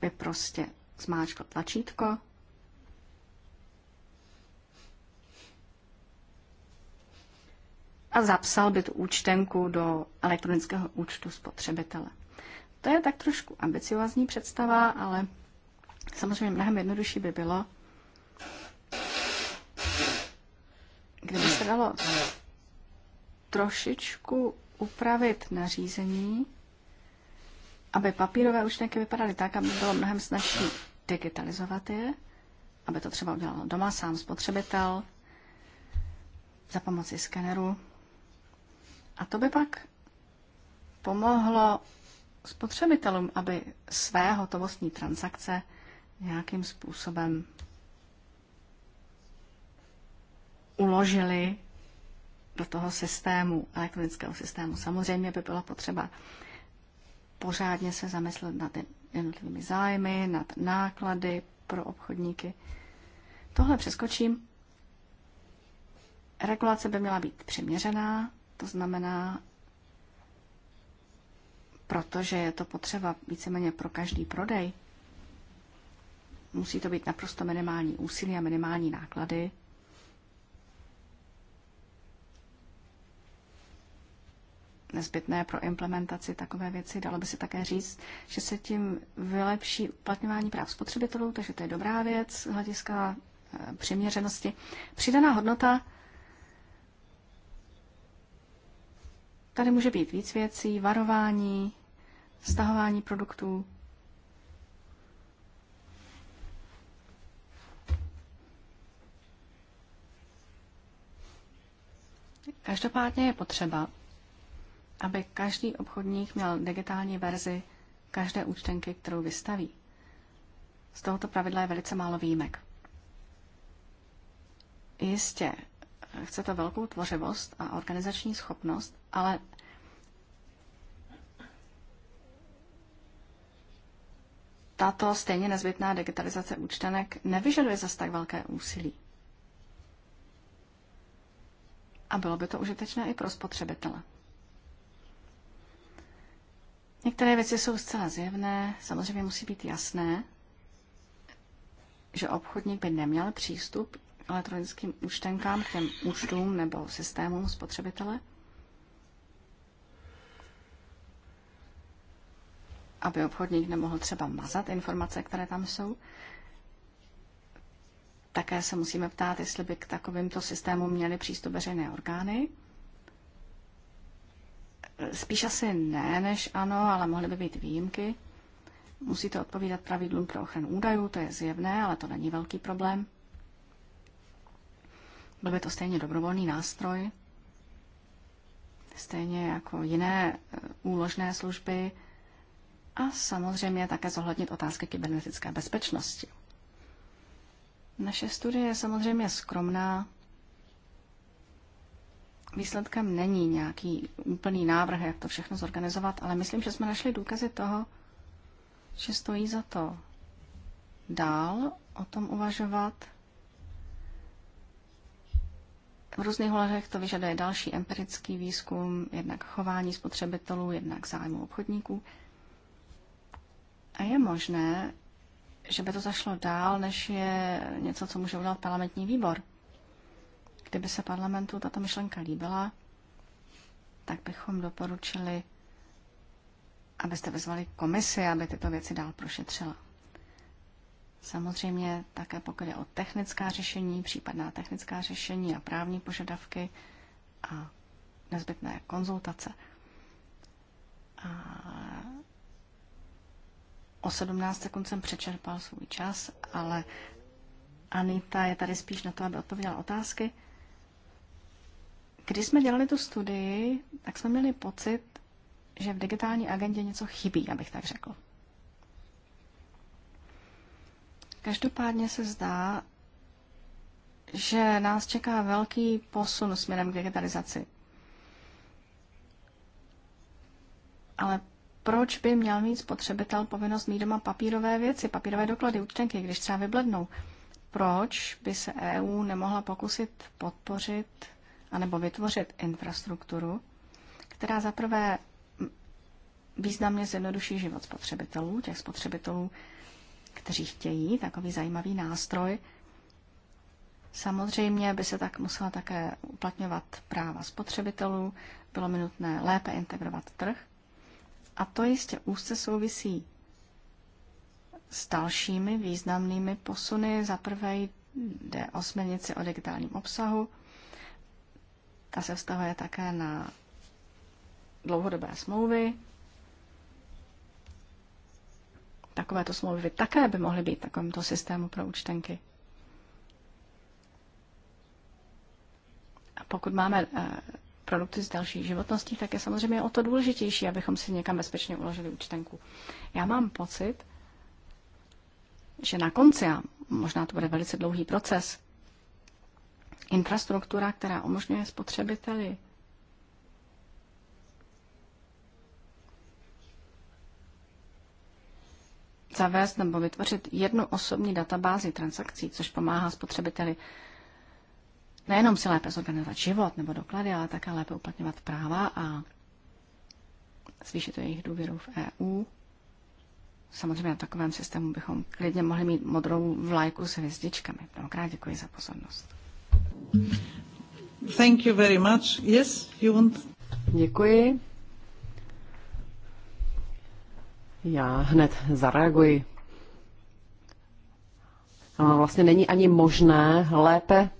by prostě zmáčkl tlačítko a zapsal by tu účtenku do elektronického účtu spotřebitele. To je tak trošku ambiciozní představa, ale samozřejmě mnohem jednodušší by bylo, kdyby se dalo trošičku upravit nařízení, aby papírové účtenky vypadaly tak, aby bylo mnohem snažší digitalizovat je, aby to třeba udělal doma sám spotřebitel za pomoci skeneru. A to by pak pomohlo spotřebitelům, aby své hotovostní transakce nějakým způsobem uložili do toho systému, elektronického systému. Samozřejmě by bylo potřeba pořádně se zamyslet nad jednotlivými zájmy, nad náklady pro obchodníky. Tohle přeskočím. Regulace by měla být přiměřená, to znamená, protože je to potřeba víceméně pro každý prodej, musí to být naprosto minimální úsilí a minimální náklady. nezbytné pro implementaci takové věci. Dalo by se také říct, že se tím vylepší uplatňování práv spotřebitelů, takže to je dobrá věc z hlediska e, přiměřenosti. Přidaná hodnota tady může být víc věcí, varování, stahování produktů. Každopádně je potřeba, aby každý obchodník měl digitální verzi každé účtenky, kterou vystaví. Z tohoto pravidla je velice málo výjimek. Jistě, chce to velkou tvořivost a organizační schopnost, ale tato stejně nezbytná digitalizace účtenek nevyžaduje zas tak velké úsilí. A bylo by to užitečné i pro spotřebitele. Některé věci jsou zcela zjevné, samozřejmě musí být jasné, že obchodník by neměl přístup k elektronickým účtenkám, k těm účtům nebo systémům spotřebitele. aby obchodník nemohl třeba mazat informace, které tam jsou. Také se musíme ptát, jestli by k takovýmto systému měly přístup veřejné orgány. Spíš asi ne, než ano, ale mohly by být výjimky. Musí to odpovídat pravidlům pro ochranu údajů, to je zjevné, ale to není velký problém. Byl by to stejně dobrovolný nástroj, stejně jako jiné e, úložné služby, a samozřejmě také zohlednit otázky kybernetické bezpečnosti. Naše studie je samozřejmě skromná. Výsledkem není nějaký úplný návrh, jak to všechno zorganizovat, ale myslím, že jsme našli důkazy toho, že stojí za to dál o tom uvažovat. V různých hledech to vyžaduje další empirický výzkum, jednak chování spotřebitelů, jednak zájmu obchodníků. A je možné, že by to zašlo dál, než je něco, co může udělat parlamentní výbor. Kdyby se parlamentu tato myšlenka líbila, tak bychom doporučili, abyste vyzvali komisi, aby tyto věci dál prošetřila. Samozřejmě také pokud je o technická řešení, případná technická řešení a právní požadavky a nezbytné konzultace. A O 17 sekund jsem přečerpal svůj čas, ale Anita je tady spíš na to, aby odpověděla otázky. Když jsme dělali tu studii, tak jsme měli pocit, že v digitální agendě něco chybí, abych tak řekl. Každopádně se zdá, že nás čeká velký posun směrem k digitalizaci. Ale proč by měl mít spotřebitel povinnost mít doma papírové věci, papírové doklady, účtenky, když třeba vyblednou? Proč by se EU nemohla pokusit podpořit anebo vytvořit infrastrukturu, která zaprvé významně zjednoduší život spotřebitelů, těch spotřebitelů, kteří chtějí takový zajímavý nástroj. Samozřejmě by se tak musela také uplatňovat práva spotřebitelů, bylo mi nutné lépe integrovat trh a to jistě úzce souvisí s dalšími významnými posuny. Za prvé jde o směrnici o digitálním obsahu. Ta se vztahuje také na dlouhodobé smlouvy. Takovéto smlouvy by také by mohly být takovýmto systému pro účtenky. A pokud máme eh, produkty s další životností, tak je samozřejmě o to důležitější, abychom si někam bezpečně uložili účtenku. Já mám pocit, že na konci, a možná to bude velice dlouhý proces, infrastruktura, která umožňuje spotřebiteli zavést nebo vytvořit jednu osobní databázi transakcí, což pomáhá spotřebiteli nejenom si lépe zorganizovat život nebo doklady, ale také lépe uplatňovat práva a zvýšit jejich důvěru v EU. Samozřejmě na takovém systému bychom klidně mohli mít modrou vlajku s hvězdičkami. Mnohokrát děkuji za pozornost. Thank you very much. Yes, you want... Děkuji. Já hned zareaguji. A vlastně není ani možné lépe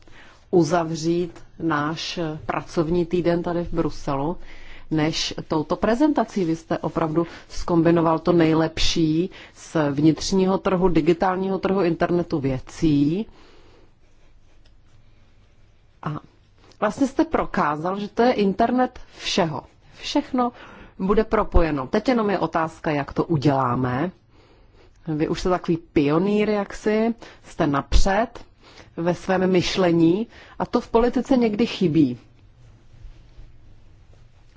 uzavřít náš pracovní týden tady v Bruselu, než touto prezentací. Vy jste opravdu skombinoval to nejlepší z vnitřního trhu, digitálního trhu, internetu věcí. A vlastně jste prokázal, že to je internet všeho. Všechno bude propojeno. Teď jenom je otázka, jak to uděláme. Vy už jste takový pionýr, jak si jste napřed ve svém myšlení a to v politice někdy chybí,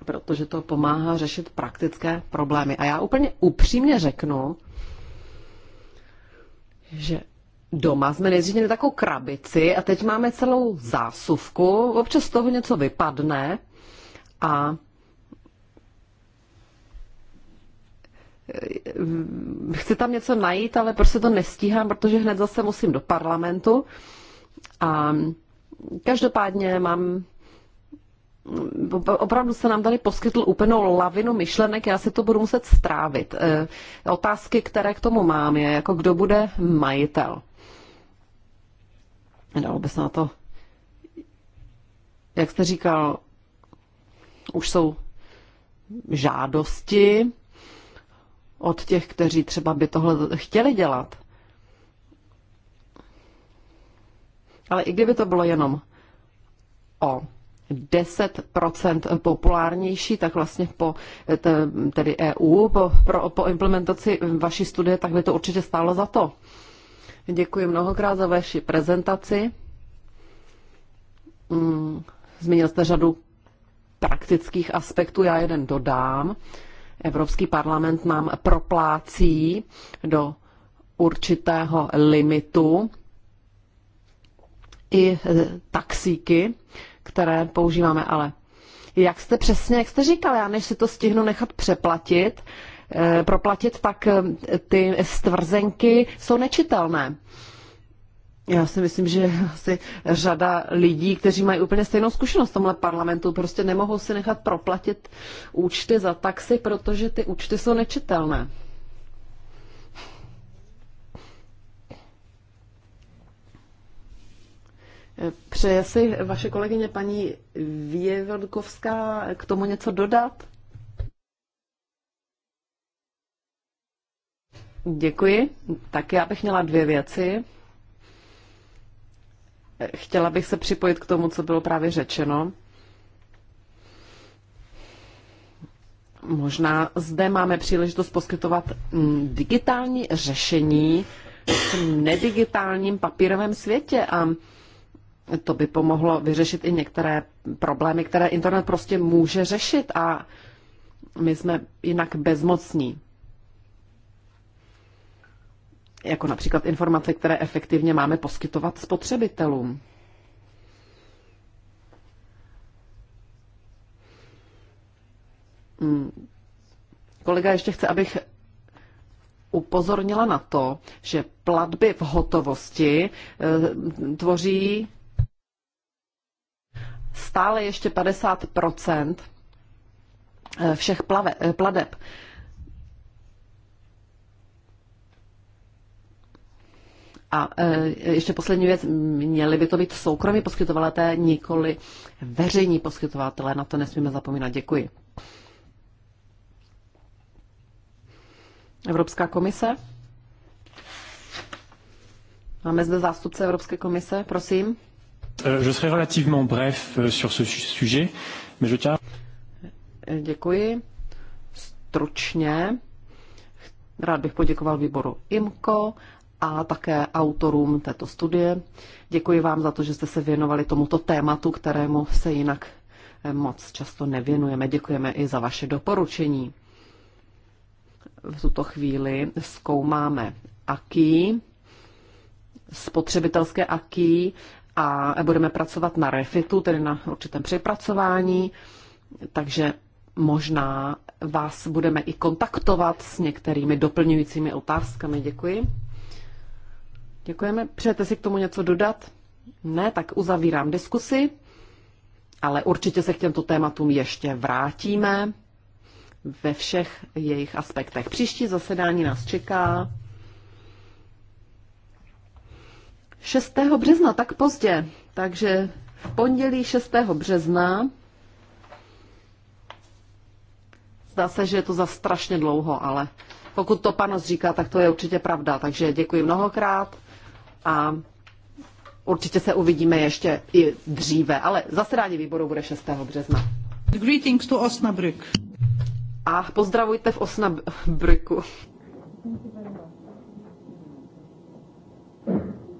protože to pomáhá řešit praktické problémy. A já úplně upřímně řeknu, že doma jsme nejdřív měli takovou krabici a teď máme celou zásuvku, občas z toho něco vypadne a chci tam něco najít, ale prostě to nestíhám, protože hned zase musím do parlamentu. A každopádně mám opravdu se nám tady poskytl úplnou lavinu myšlenek, já si to budu muset strávit. Eh, otázky, které k tomu mám, je jako kdo bude majitel. Dalo by se na to, jak jste říkal, už jsou žádosti od těch, kteří třeba by tohle chtěli dělat. Ale i kdyby to bylo jenom o 10% populárnější, tak vlastně po tedy EU, po, pro, po implementaci vaší studie, tak by to určitě stálo za to. Děkuji mnohokrát za vaši prezentaci. Mm, zmínil jste řadu praktických aspektů, já jeden dodám. Evropský parlament nám proplácí do určitého limitu i e, taxíky, které používáme, ale jak jste přesně, jak jste říkal, já než si to stihnu nechat přeplatit, e, proplatit, tak e, ty stvrzenky jsou nečitelné. Já si myslím, že asi řada lidí, kteří mají úplně stejnou zkušenost v tomhle parlamentu, prostě nemohou si nechat proplatit účty za taxi, protože ty účty jsou nečitelné. Přeje si vaše kolegyně paní Věvodkovská k tomu něco dodat? Děkuji. Tak já bych měla dvě věci. Chtěla bych se připojit k tomu, co bylo právě řečeno. Možná zde máme příležitost poskytovat mm, digitální řešení v nedigitálním papírovém světě a to by pomohlo vyřešit i některé problémy, které internet prostě může řešit a my jsme jinak bezmocní. Jako například informace, které efektivně máme poskytovat spotřebitelům. Hmm. Kolega ještě chce, abych upozornila na to, že platby v hotovosti eh, tvoří stále ještě 50 eh, všech plave, eh, pladeb. A eh, ještě poslední věc, měly by to být soukromí poskytovatelé, nikoli veřejní poskytovatelé, na to nesmíme zapomínat. Děkuji. Evropská komise? Máme zde zástupce Evropské komise, prosím. Euh, je serai relativement bref euh, sur ce sujet, mais je tiens... Děkuji. Stručně. Rád bych poděkoval výboru IMCO a také autorům této studie. Děkuji vám za to, že jste se věnovali tomuto tématu, kterému se jinak eh, moc často nevěnujeme. Děkujeme i za vaše doporučení. V tuto chvíli zkoumáme AKI, spotřebitelské AKI a budeme pracovat na refitu, tedy na určitém přepracování, takže možná vás budeme i kontaktovat s některými doplňujícími otázkami. Děkuji. Děkujeme. Přejete si k tomu něco dodat? Ne, tak uzavírám diskusi, ale určitě se k těmto tématům ještě vrátíme ve všech jejich aspektech. Příští zasedání nás čeká 6. března, tak pozdě. Takže v pondělí 6. března. Zdá se, že je to za strašně dlouho, ale pokud to pan říká, tak to je určitě pravda. Takže děkuji mnohokrát a určitě se uvidíme ještě i dříve, ale zasedání výboru bude 6. března. Greetings to Osnabrück. A pozdravujte v Osnabrücku. Thank you very much.